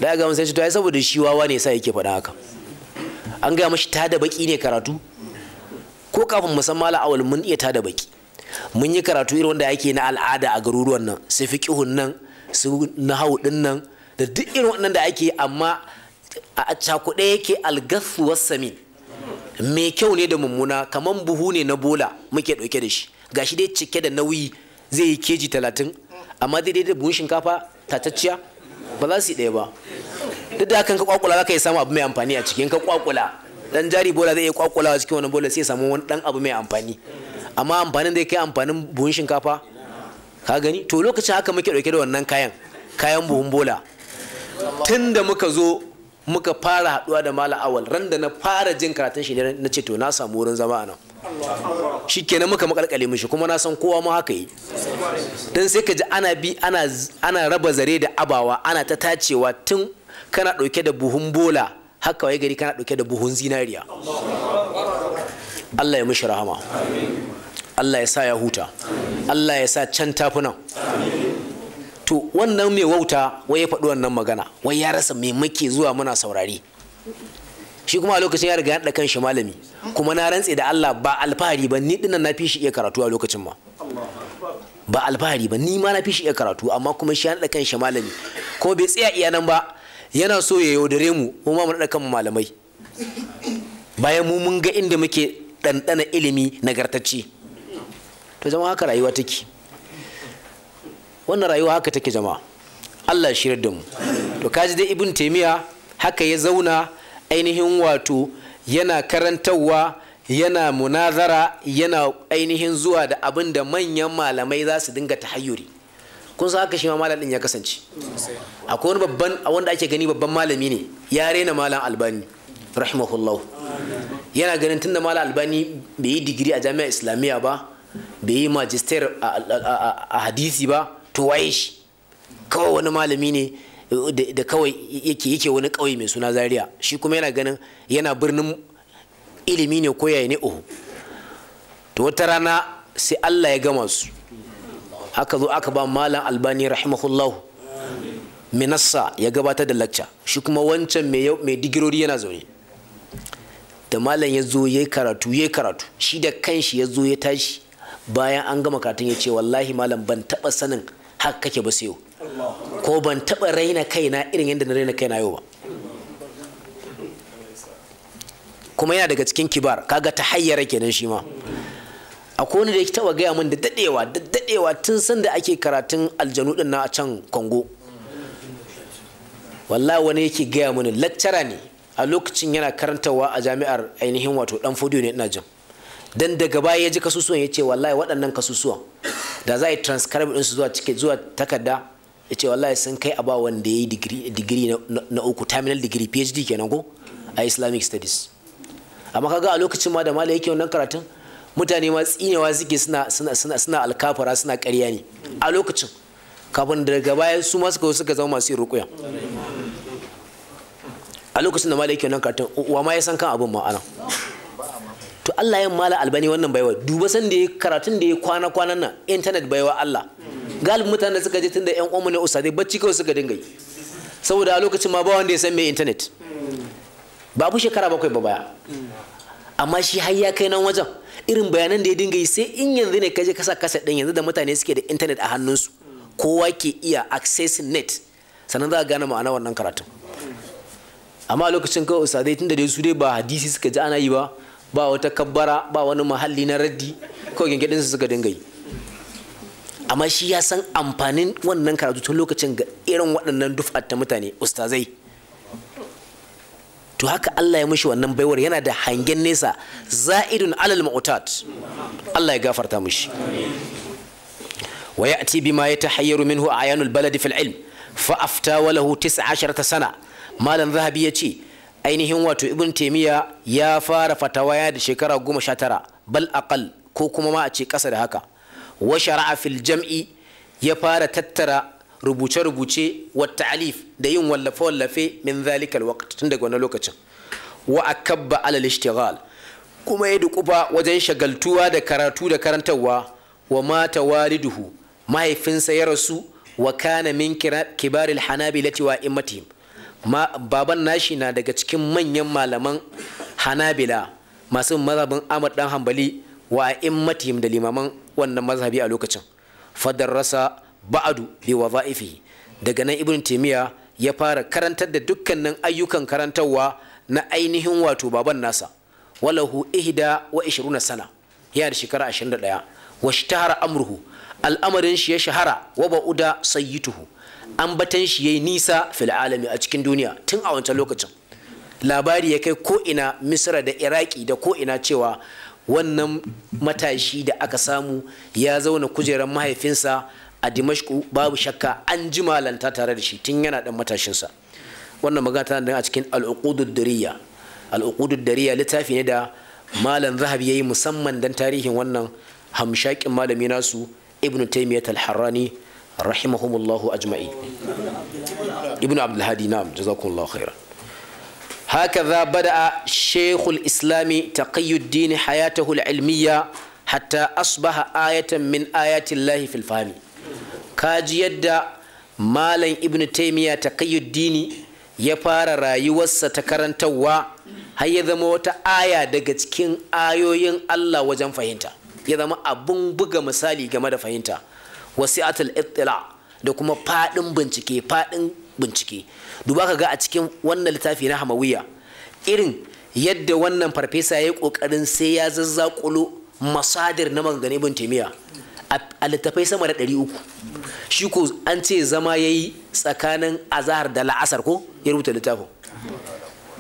da ga mun sai to ai saboda shi wawa ne sai yake faɗa haka an ga mashi tada baki ne karatu ko kafin musamman awal mun iya ta da baki mun yi karatu irin wanda ake na al'ada a garuruwan nan su kihun nan su nahawu din nan da duk irin wannan da ake amma a cakuɗe yake algasu wassami mai kyau ne da mummuna kamar buhu ne na bola muke ɗauke da shi gashi dai cike da nauyi zai yi keji talatin amma dai da buhun shinkafa tatacciya ba za su yi ɗaya ba duk da hakan ka kwakula za ka yi samu abu mai amfani a cikin ka kwakula dan jari bola zai iya kwakulawa cikin wani bola sai ya samu wani dan abu mai amfani amma amfanin zai kai amfanin buhun shinkafa ka gani to lokacin haka muke dauke da wannan kayan kayan buhun bola tun da muka zo muka fara haduwa da mala awal ran da na fara jin karatun shi na ce to na samu wurin zama a nan shi kenan muka makalkale mishi kuma na san kowa ma haka yi don sai ka ji ana bi ana raba zare da abawa ana ta tacewa tun kana dauke da buhun bola haka wai gari kana dauke da buhun zinariya Allah ya mishi rahama Allah ya sa ya huta Allah ya sa can tafunan to wannan mai wauta wai ya faɗi wannan magana wai ya rasa mai zuwa muna saurari shi kuma a lokacin ya riga ya kan shi malami kuma na rantse da Allah ba alfahari ba ni dinnan na fi shi iya karatu a lokacin ma ba alfahari ba ni ma na fi shi iya karatu amma kuma shi ya naɗa kan shi malami ko bai tsaya iya nan ba yana so ya yaudare mu mu ma mu naɗa kan malamai bayan mu mun ga inda muke ɗanɗana ilimi nagartacce to zama haka rayuwa take wannan rayuwa haka take jama'a Allah shi da mu to kaji dai ibn taymiya haka ya zauna ainihin wato yana karantarwa yana munazara yana ainihin zuwa da abin da manyan malamai za su dinga tahayyuri kun san haka shi ma malam din ya kasance akwai wani babban wanda ake gani babban malami ne ya rena malam albani rahimahullahu yana ganin tunda malam albani bai yi digiri a jami'a islamiyya ba bai yi magister a hadisi ba to waye shi kawai wani malami ne da kawai yake yake wani kauye mai suna zaria shi kuma yana ganin yana birnin ilimi ne ko yaya ne oho to wata rana sai Allah ya gama su haka zo aka ba malam albani rahimahullahu minassa ya gabatar da lacca shi kuma wancan mai digirori yana zaune da malam ya zo ya karatu ya karatu shi da kanshi ya zo ya tashi bayan an gama katin ya ce wallahi malam ban taba sanin haka kake ba sayo ko ban taɓa raina kaina irin yadda na raina kaina yau ba kuma yana daga cikin kibar kaga ta hayyara kenan shi ma akwai wani da ya taba gaya min da dadewa da dadewa tun sanda ake karatun aljanu din na a can kongo wallahi wani yake gaya mini laccara ne a lokacin yana karantawa a jami'ar ainihin wato dan fodiyo ne ina jin dan daga baya ya ji kasusuwan ya ce wallahi waɗannan kasusuwan da za a yi transcribe ɗinsu zuwa cike zuwa takarda ya ce wallahi sun kai a ba wanda ya yi digiri na uku terminal digiri phd kenan ko a islamic studies amma kaga a lokacin ma da malai yake wannan karatun mutane ma tsinewa suke suna suna suna alkafara suna ƙarya ne a lokacin kafin daga baya su ma suka suka zama masu rukuya a lokacin da malai yake wannan karatun wa ma ya san kan abin ma'ana to Allah yin mala albani wannan baiwa duba san da ya karatun da ya kwana kwanan nan internet baiwa Allah galibin mutane suka je tunda yan uwanmu ne ustadai bacci kawai suka dinga yi saboda a lokacin ma ba wanda ya san me internet babu shekara bakwai ba baya amma shi har ya kai nan wajen irin bayanan da ya dinga yi sai in yanzu ne kaje kasa kasa din yanzu da mutane suke da internet a hannunsu kowa ke iya access net sannan za a gane ma'ana wannan karatun amma lokacin kawai ustadai tunda dai su dai ba hadisi suka ji ana yi ba ba wata kabbara ba wani mahalli na raddi ko gengedin su suka dinga yi amma shi ya san amfanin wannan karatu tun lokacin ga irin waɗannan duf'at ta mutane ustazai to haka Allah ya mushi wannan baiwar yana da hangen nesa za'idun alal ma'utat Allah ya gafarta mushi wa ya'ti bima yatahayyaru minhu ayanul baladi fil ilm fa afta wa lahu 19 sana malam zahabi ce. ainihin wato ibn taimiyya ya fara fatawaya da shekara goma sha tara bal aqal ko kuma ma a ce ƙasa da haka wa shara'a fil jam'i ya fara tattara rubuce-rubuce wa ta'alif da yin wallafe-wallafe min zalikal waqt tun daga wani lokacin wa akabba alal ishtighal kuma ya dukufa wajen shagaltuwa da karatu da karantarwa wa mata waliduhu mahaifinsa ya rasu wa kana min kibaril hanabilati wa immatihim baban nashi na daga cikin manyan malaman hanabila masu mazhabin amur dan hambali wa immatihim da limaman wannan mazhabi a lokacin fadarrasa ba'adu bi wadha'ifihi daga nan ibn timiya ya fara karantar da dukkanin ayyukan karantarwa na ainihin wato baban nasa walahu ihda wa ishiruna sana ya da shekara 21 wa shtahara amruhu al'amarin shi ya shahara wa ba'uda sayyituhu ambatan shi yayi nisa fil alami a cikin duniya tun a wancan lokacin labari ya kai ko ina misra da iraki da ko ina cewa wannan matashi da aka samu ya zauna kujerar mahaifinsa a dimashku babu shakka an ji malanta tare da shi tun yana dan matashinsa wannan magana tana a cikin al'uqudud dariya littafi ne da malam zahabi yi musamman dan tarihin wannan hamshakin malami nasu ibnu taymiyyah al-harrani rahimahumullahu ajma'i ibn abdulhadi haka za bada a shekul islami ta kayyuddini hayata hula ilmiya hatta asuba ayatan min ayatin lahi filfani ka ji yadda malam ibn taimiya ta kayyuddini ya fara rayuwarsa ta karantarwa har ya zama wata aya daga cikin ayoyin allah wajen fahimta ya zama abin buga misali game da fahimta wasi'atul ittila da kuma fadin bincike fadin bincike duba ka ga a cikin wannan littafi na hamawiya irin yadda wannan farfesa ya yi kokarin sai ya zazzakulo masadir na maganganun ibn taymiya a littafai sama da ɗari uku shi ko an ce zama ya yi tsakanin azahar da la'asar ko ya rubuta littafin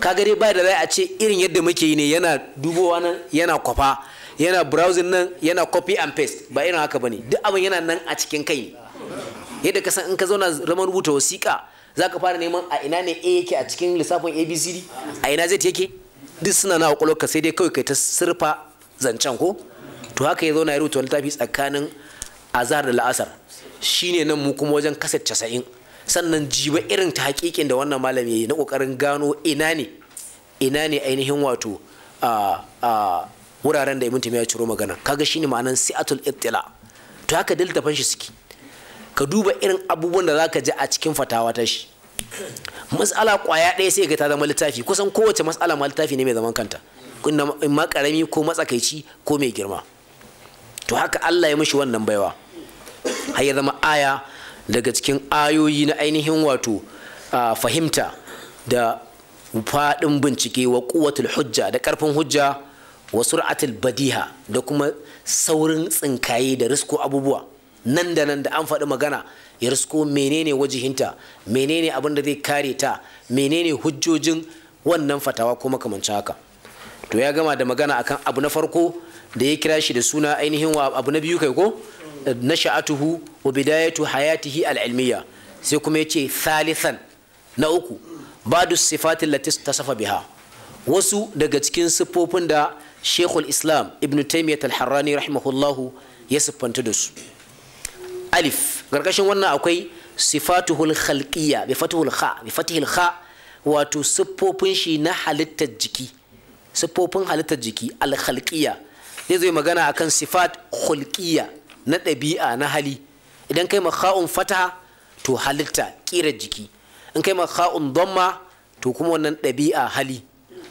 Ka gare ba da a ce irin yadda muke yi ne yana dubowa nan yana kwafa yana browsing nan yana copy and paste ba irin haka bane duk abin yana nan a cikin kai yadda ka san in ka zauna zaman rubuta wasiƙa za ka fara neman a ina ne a yake a cikin lissafin abcd a ina zai yake duk suna na ka sai dai kawai kai ta surfa zancen ko to haka ya zauna ya rubuta littafi tsakanin azhar da la'asar shine nan mu kuma wajen kaset casa'in sannan jiba irin ta hakikin da wannan malami ya yi na kokarin gano ina ne ina ne ainihin wato a ah, ah, wuraren da ibn ya ciro magana kaga shine ma'anan si'atul ittila to haka dalta fanshi suke ka duba irin abubuwan da zaka ji a cikin fatawa ta shi mas'ala kwaya ɗaya sai ga ta zama littafi kusan kowace mas'ala ma littafi ne mai zaman kanta in ma karami ko matsakaici ko mai girma to haka Allah ya mishi wannan baiwa har ya zama aya daga cikin ayoyi na ainihin wato fahimta da faɗin bincike wa kuwatul hujja da ƙarfin hujja wa sur'atul badiha da kuma saurin tsinkaye da risko abubuwa nan da nan da an faɗi magana ya risko menene wajihinta menene abin da zai kare ta menene hujjojin wannan fatawa ko makamancin haka to ya gama da magana akan abu na farko da ya kira shi da suna ainihin wa abu na biyu kai ko na sha'atuhu wa bidayatu hayatihi al'ilmiya sai kuma ya ce thalithan na uku badu sifatin latis ta safa biha wasu daga cikin siffofin da shekul islam ibn taimiyyat al-harrani rahimahullahu ya siffanta da su alif gargashin wannan akwai sifatuhul khalqiyya bi fatuhul kha bi fatihil kha wato siffofin shi na halittar jiki siffofin halittar jiki al khalqiyya zai magana akan sifat khulqiyya na ɗabi'a na hali idan kai makha'un fataha to halitta kirar jiki in kai makha'un dhamma to kuma wannan ɗabi'a hali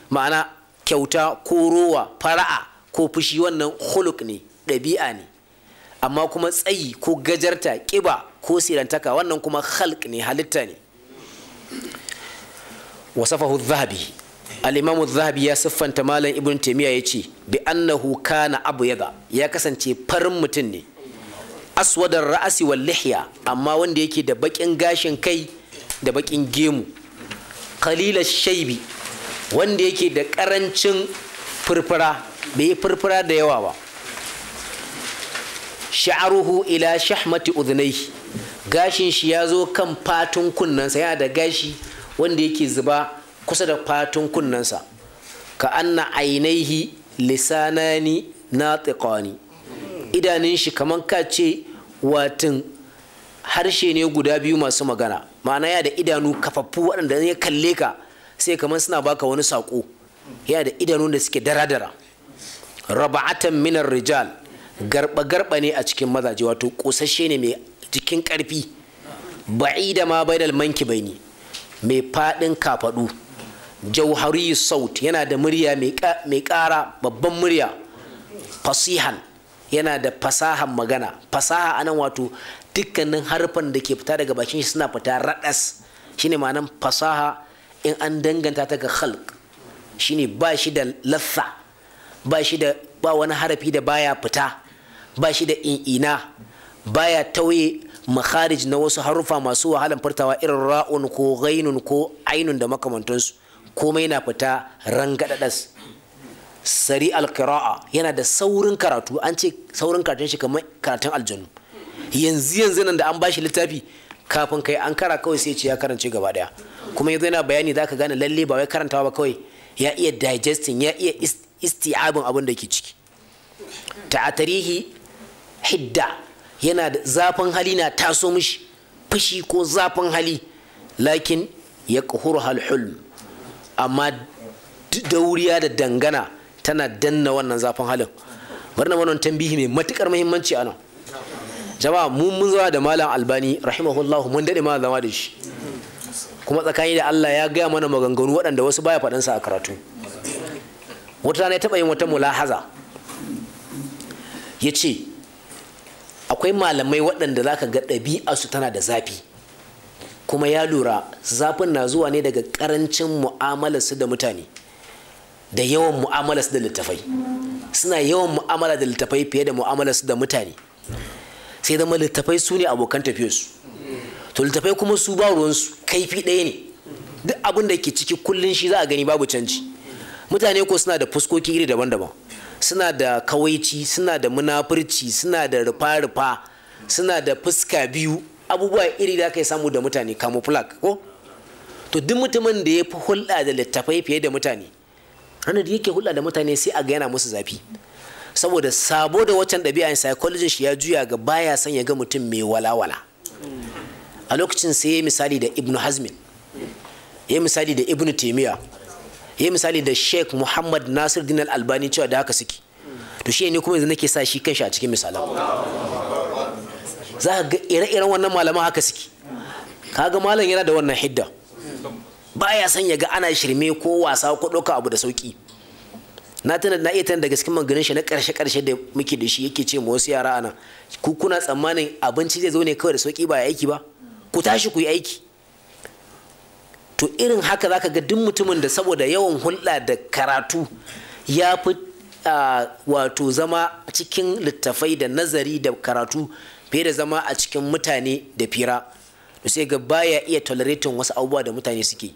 ma'ana kyauta ko rowa fara'a ko fushi wannan huluk ne ɗabi'a ne amma kuma tsayi ko gajarta ƙiba ko sirantaka wannan kuma halk ne halitta ne wasafahu zahabi al'imamu zahabi ya siffanta malam ibn taimiyya ya ce bi annahu kana abu yaga ya kasance farin mutum ne aswadar ra'asi wal lihya amma wanda yake da baƙin gashin kai da baƙin gemu kalila shaibi wanda yake da karancin furfura bai yi furfura da yawa ba sha'aruhu ila shahmati uzunai gashin shi ya zo kan fatun kunnensa yana da gashi wanda yake zuba kusa da fatun kunnensa ka anna ainihi lisanani na tsikoni idanun shi kamar ka ce watin harshe ne guda biyu masu magana ma'ana ya da idanu kafaffu waɗanda ya kalle ka sai kamar suna baka wani sako yana da idanun da suke dara-dara raba'atan minar rijal garba-garba ne a cikin mazaje wato kusashe ne mai jikin karfi ba'i da ma baidal manki baini mai fadin kafaɗu jauhari saut yana da murya mai kara babban murya fasihan yana da fasahan magana fasaha anan wato dukkanin harfan da ke fita daga bakin shi suna fita raɗas shine ma'anan fasaha in an danganta ta ga khalq shine ba shi da lassa ba shi da ba wani harafi da baya fita ba shi da in'ina baya tauye makharij na wasu harufa masu wahalan furtawa irin ra'un ko ghainun ko ainun da makamantansu komai na fita rangadadas sari alkira'a yana da saurin karatu an ce saurin karatun shi kamar karatun aljanu yanzu yanzu nan da an bashi littafi kafin kai an kara kawai sai ce ya karance gaba daya kuma yanzu yana bayani zaka gane lalle ba wai karantawa ba kawai ya iya digesting ya iya isti'abin abin da ke ciki ta tarihi hidda yana da zafin hali na taso mishi fushi ko zafin hali lakin ya kuhur halhul amma dauriya da dangana tana danna wannan zafin halin bari na wannan tambihi mai matukar muhimmanci a nan jama'a mun mun zama da malam albani rahimahullahu mun dade ma zama da shi kuma tsakani da Allah ya gaya mana maganganu waɗanda wasu baya faɗan sa a karatu wata rana ya taɓa yin wata mulahaza ya ce akwai malamai waɗanda za ka ga ɗabi'a su tana da zafi kuma ya lura zafin na zuwa ne daga ƙarancin mu'amalarsu da mutane da yawan mu'amalarsu da littafai suna yawan mu'amala da littafai fiye da mu'amalarsu da mutane sai zama littafai su ne abokan tafiyarsu to littafai kuma su ba ruwansu kaifi ɗaya ne duk abin da ke ciki kullun shi za a gani babu canji mutane ko suna da fuskoki iri daban-daban suna da kawaici suna da munafurci suna da rufa-rufa suna da fuska biyu abubuwa iri da aka samu da mutane camouflage ko to duk mutumin da ya fi hulɗa da littafai fiye da mutane ranar da yake hulɗa da mutane sai a ga yana musu zafi saboda sabo da waccan ɗabi'a psychology shi ya juya ga baya son ya ga mutum mai walawala a lokacin sai ya misali da ibnu hazmin ya yi misali da ibnu Temiya ya yi misali da sheikh muhammad nasir dinar albani cewa da haka suke to shi ne kuma yanzu nake sa shi kanshi a cikin misalan za ka ga ire-iren wannan malaman haka suke kaga malam yana da wannan hidda baya san ya ga ana shirme ko wasa ko ɗauka abu da sauki na tana na iya tana daga cikin maganin shi na karshe karshe da muke da shi yake ce ma wasu yara ana ku kuna tsammanin abinci zai zo ne kawai da sauki ba aiki ba ku tashi ku yi aiki to irin haka zaka ga duk mutumin da saboda yawan hulɗa da karatu ya fi wato zama cikin littafai da nazari da karatu fiye da zama a cikin mutane da fira to sai ga baya iya tolerating wasu abubuwa da mutane suke yi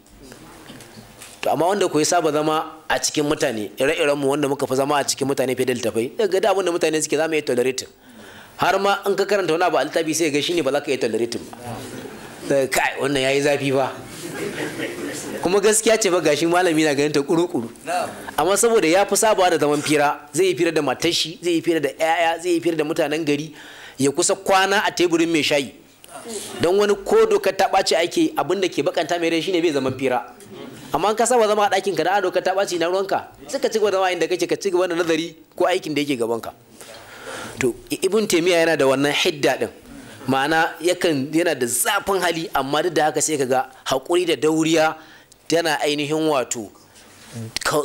to amma wanda ku saba zama a cikin mutane ire-iren mu wanda muka fi zama a cikin mutane fiye da littafai daga da abin mutane suke zama ya tolerating har ma in ka karanta wani abu a littafi sai ga shine ba za ka iya tolerating ba kai wannan yayi zafi ba kuma gaskiya ce ba gashi malami na ganin ta kurukuru. kuru amma saboda ya fi sabawa da zaman fira zai yi fira da matashi zai yi fira da 'ya'ya zai yi fira da mutanen gari ya kusa kwana a teburin mai shayi don wani ko doka ta ce ake abin da ke bakanta mai rai shine bai zaman fira amma ka saba zama a ɗakin ka da ado ka ta ɓaci na ruwanka sai ka cigaba zama inda kake ka cigaba da nazari ko aikin da yake gaban ka to ibn taymiya yana da wannan hidda din ma'ana yakan yana da zafin hali amma duk da haka sai ka ga haƙuri da dauriya yana ainihin wato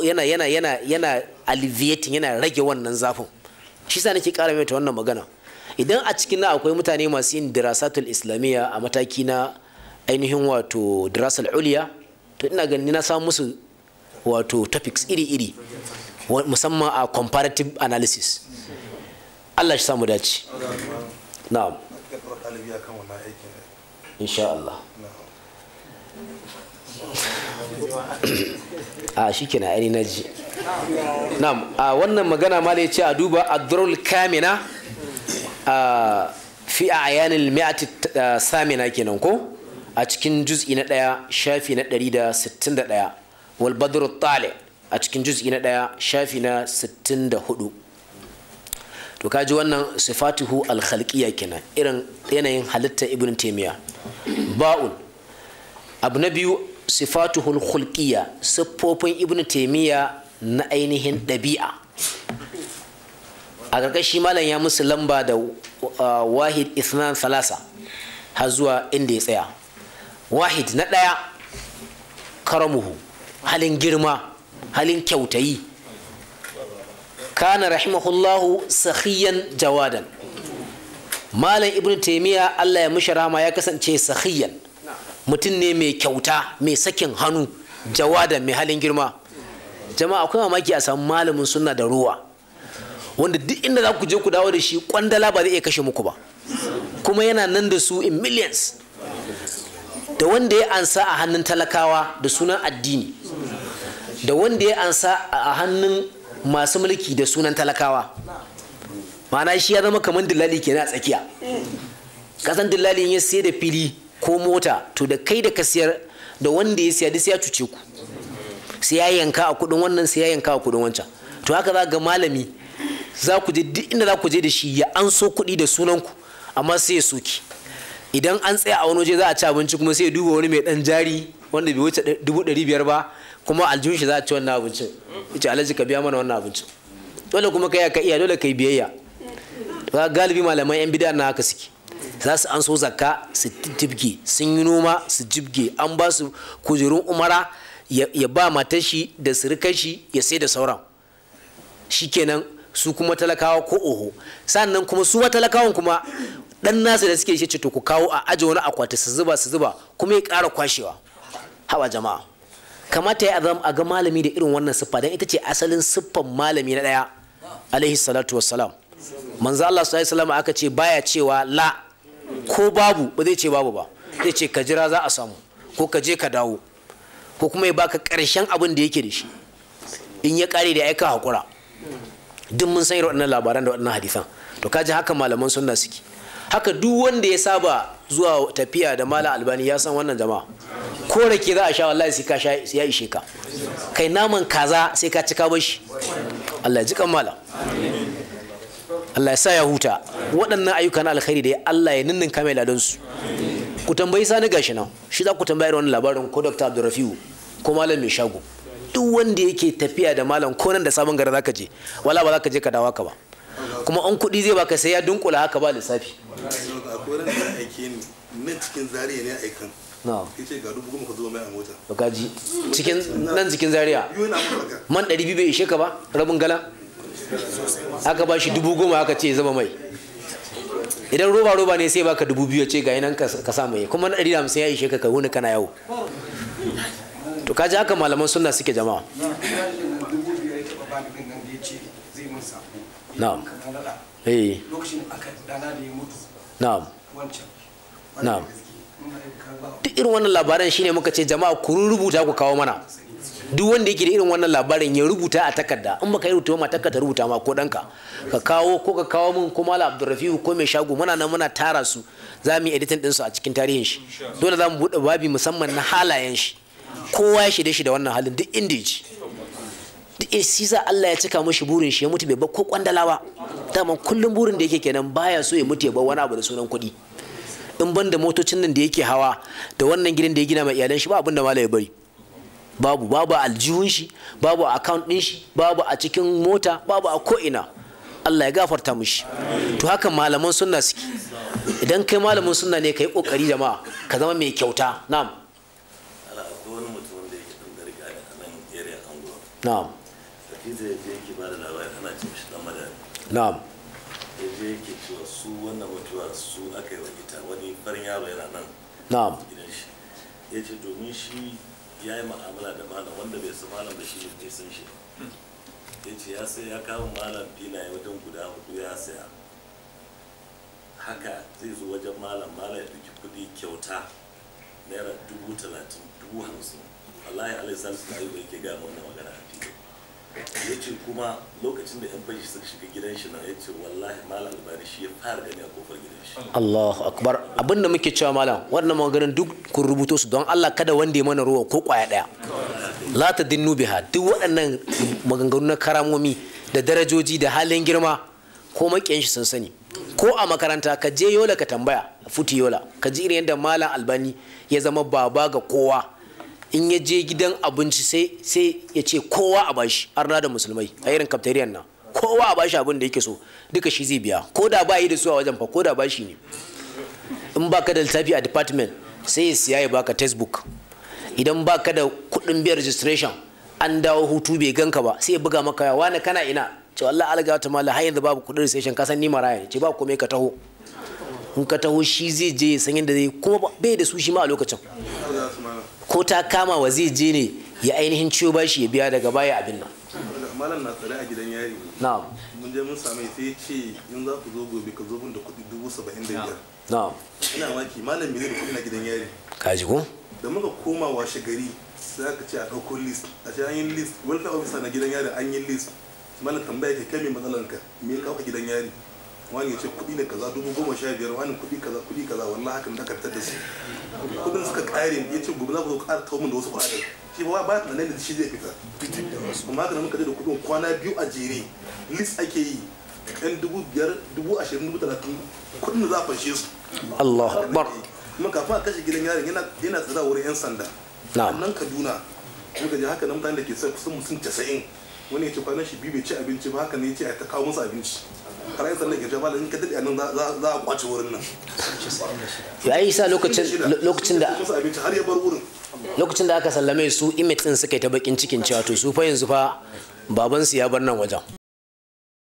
yana yana yana yana alleviating yana rage wannan zafin shi sa nake ƙara mai wannan magana idan a cikin na akwai mutane masu yin dirasatul islamiyya a mataki na ainihin wato dirasal uliya to ina ganin na samu musu wato topics iri-iri musamman a comparative analysis Allah shi samu dace na'am insha Allah a ah, shi kina ainihin na ji na'am a ah, wannan magana ma da ya ce a duba adrul kamina ah, fi a ayanin mi'ati samina kenan ko a cikin juz'i na ɗaya shafi na 161 wal badru tale a cikin juz'i na ɗaya shafi na 64 to kaji wannan sifatuhu alkhalqiyya kenan irin yanayin halitta ibn taymiya ba'ul abu na biyu sifatuhu alkhulqiyya siffofin ibn taymiya na ainihin ɗabi'a a ƙarƙashi malam ya musu lamba da uh, wahid isnan salasa har zuwa inda ya tsaya wahid na ɗaya karamuhu halin girma halin kyautayi kana rahimahullahu sahiyan jawadan malam ibn taimiyya allah ya mishi rama ya kasance sahiyan mutum ne mai kyauta mai sakin hannu jawadan mai halin girma jama'a akwai mamaki a samu malamin suna da ruwa wanda duk inda za ku je ku dawo da shi kwandala ba zai iya kashe muku ba kuma yana nan da su in millions da wanda ya ansa a hannun talakawa da sunan addini da wanda ya ansa a hannun masu mulki da sunan talakawa ma'ana shi ya zama kamar dillali ke a tsakiya kasan dillali ya sayar da fili ko mota to da kai da kasiyar da wanda ya sai ya cuce ku sai ya yanka a kudin wannan sai ya yanka a kudin wancan to haka za ga malami za ku je duk inda za ku je da shi ya anso kuɗi da sunan ku amma sai ya soke idan an tsaya a wani waje za a ci abinci kuma sai duba wani mai dan jari wanda bai wuce dubu ɗari biyar ba kuma aljihun shi za a ci wannan abincin ce alhaji ka biya mana wannan abincin dole kuma kai ka iya dole kai biyayya ga galibi malaman yan bid'a na haka suke za su an so zakka su jibge sun yi noma su jibge an ba su kujerun umara ya ba matar shi da surukar shi ya sai da sauran shikenan su kuma talakawa ko oho sannan kuma su talakawan kuma dan nasa da suke ce to ku kawo a aje wani akwati su zuba su zuba kuma ya ƙara kwashewa hawa jama'a kamata ya azam a ga malami da irin wannan siffa dan ita ce asalin siffan malami na daya alaihi salatu wassalam manzo Allah sallallahu alaihi wasallam aka ce baya cewa la ko babu ba zai ce babu ba zai ce ka jira za a samu ko ka je ka dawo ko kuma ya baka karshen abin da yake da shi in ya kare da aika hakura duk mun san irin waɗannan labaran da waɗannan hadisan to kaji haka malaman sunna suke haka duk wanda ya saba zuwa tafiya da mala albani ya san wannan jama'a ko rake za a sha wallahi sai ya ishe ka kai naman kaza sai ka cika bashi Allah ya ji mala Allah ya sa ya huta waɗannan ayyukan alkhairi da Allah ya ninnin kamai ladan su ku tambayi sani gashi nan shi za ku tambayar wannan labarin ko Dr. Abdurrafiu ko malam mai shago duk wanda yake tafiya da malam ko nan da sabon gari zaka je wala ba zaka je ka dawo ka ba kuma an kuɗi zai baka sai ya dunkula haka ba lissafi gaji cikin nan cikin zaria man 200 bai ishe ka ba rabin gala aka ba shi goma aka ce zama mai idan roba roba ne sai baka dubu biyu ce ga nan ka sa mai kuma na 150 ya ishe ka ka wuni kana yawo to kaji haka malaman suna suke jama'a na'am eh lokacin aka dana duk irin wannan labaran shine muka ce jama'a ku rubuta ku kawo mana duk wanda yake da irin wannan labarin ya rubuta a takarda in baka rubuta ma takarda rubuta ma ko danka ka kawo ko ka kawo min ko mala abdurrafiu ko mai shago muna nan muna tara su za mu yi editin din su a cikin tarihin shi dole za mu buɗe babi musamman na halayen shi kowa ya shide shi da wannan halin duk inda ya shi za Allah ya cika mashi burin shi ya mutu bai ba ko kwandala ba dama kullum burin da yake kenan baya so ya mutu ya bar wani abu da sunan kuɗi in ban da motocin nan da yake hawa da wannan gidan da ya gina mai iyalan shi ba abin da mala ya bari babu babu aljihun shi babu a account din shi babu a cikin mota babu a ko ina Allah ya gafarta mishi to haka malaman sunna suke idan kai malamin sunna ne kai kokari jama'a ka zama mai kyauta na'am na'am hadiza ya je ki bada labari ana ce shi dan madani na'am ya je yake cewa su wannan mutuwa su aka yi wa ita wani farin yaro yana nan na'am gidan shi ya ce domin shi ya yi ma'amala da malam wanda bai san malam da shi bai san shi ya ce ya sai ya kawo malam filaye wajen guda hudu ya saya haka zai zo wajen malam malam ya ɗauki kuɗi kyauta naira dubu talatin dubu hamsin wallahi alaihi salisu na ayyuka yake gama wannan magana ya ce kuma lokacin da yan bashi suka shiga gidan shi na ya wallahi malam albani shi ya fara gani a kofar gidan shi Allahu akbar abinda muke cewa malam wannan maganar duk kun rubuto su don Allah kada wanda ya mana ruwa ko kwaya daya la ta dinnu biha duk waɗannan maganganu na karamomi da darajoji da halin girma ko makiyan shi sun sani ko a makaranta ka je yola ka tambaya futi yola ka ji irin yadda malam albani ya zama baba ga kowa in ya je gidan abinci sai sai ya ce kowa a bashi arna da musulmai a irin kaftariyan nan kowa a bashi abin da yake so duka shi zai biya ko da ba yi da su a wajen fa ko da bashi ne in baka da littafi a department sai ya siya ya baka textbook idan baka da kuɗin biyan registration an dawo hutu bai ganka ba sai ya buga maka ya wani kana ina ce wallahi alga ta mala har yanzu babu kuɗin registration ka san ni maraya ne ce ba komai ka taho in ka taho shi zai je ya san yadda zai kuma bai da su shi ma a lokacin ko ta kama wa zai je ne ya ainihin ciwo bashi ya biya daga baya abin nan malam na tsare a gidan yari na'am mun je mun sami sai ce in za ku zo gobe ka zo mun da kuɗi dubu saba'in da biyar na'am ina maki malam mai da kuɗi na gidan yari kaji ko da muka koma washe gari sai aka ce a ɗauko list a ce an yi list welfare ofisa na gidan yari an yi list malam tambaya ke kai mai matsalanka me ya kawo gidan yari wani ya ce kuɗi ne kaza dubu goma sha biyar wani kuɗi kaza kuɗi kaza wallahi haka na kartar da su kuɗin suka ƙare ya ce gobe za ku zo ƙara da wasu kuɗaɗe shi ba ba tunanin da shi zai fita kuma haka muka je da kuɗin kwana biyu a jere list ake yi yan dubu biyar dubu ashirin dubu talatin kuɗin da za a fashe su Allahu Akbar kuma kafin a kashe gidan yaron yana yana tsada wurin 'yan sanda nan Kaduna muka je haka nan mutane da ke sai kusan mutum casa'in wani ya ce kwanan shi biyu bai ci abinci ba haka ne ya ce a ta kawo musu abinci har yan sannan ke cewa malam in ka dade nan za a kwace wurin nan ya yi sa lokacin lokacin da har ya bar wurin lokacin da aka sallame su imitin suka yi ta bakin cikin cewa to su fa yanzu fa babansu ya bar nan wajen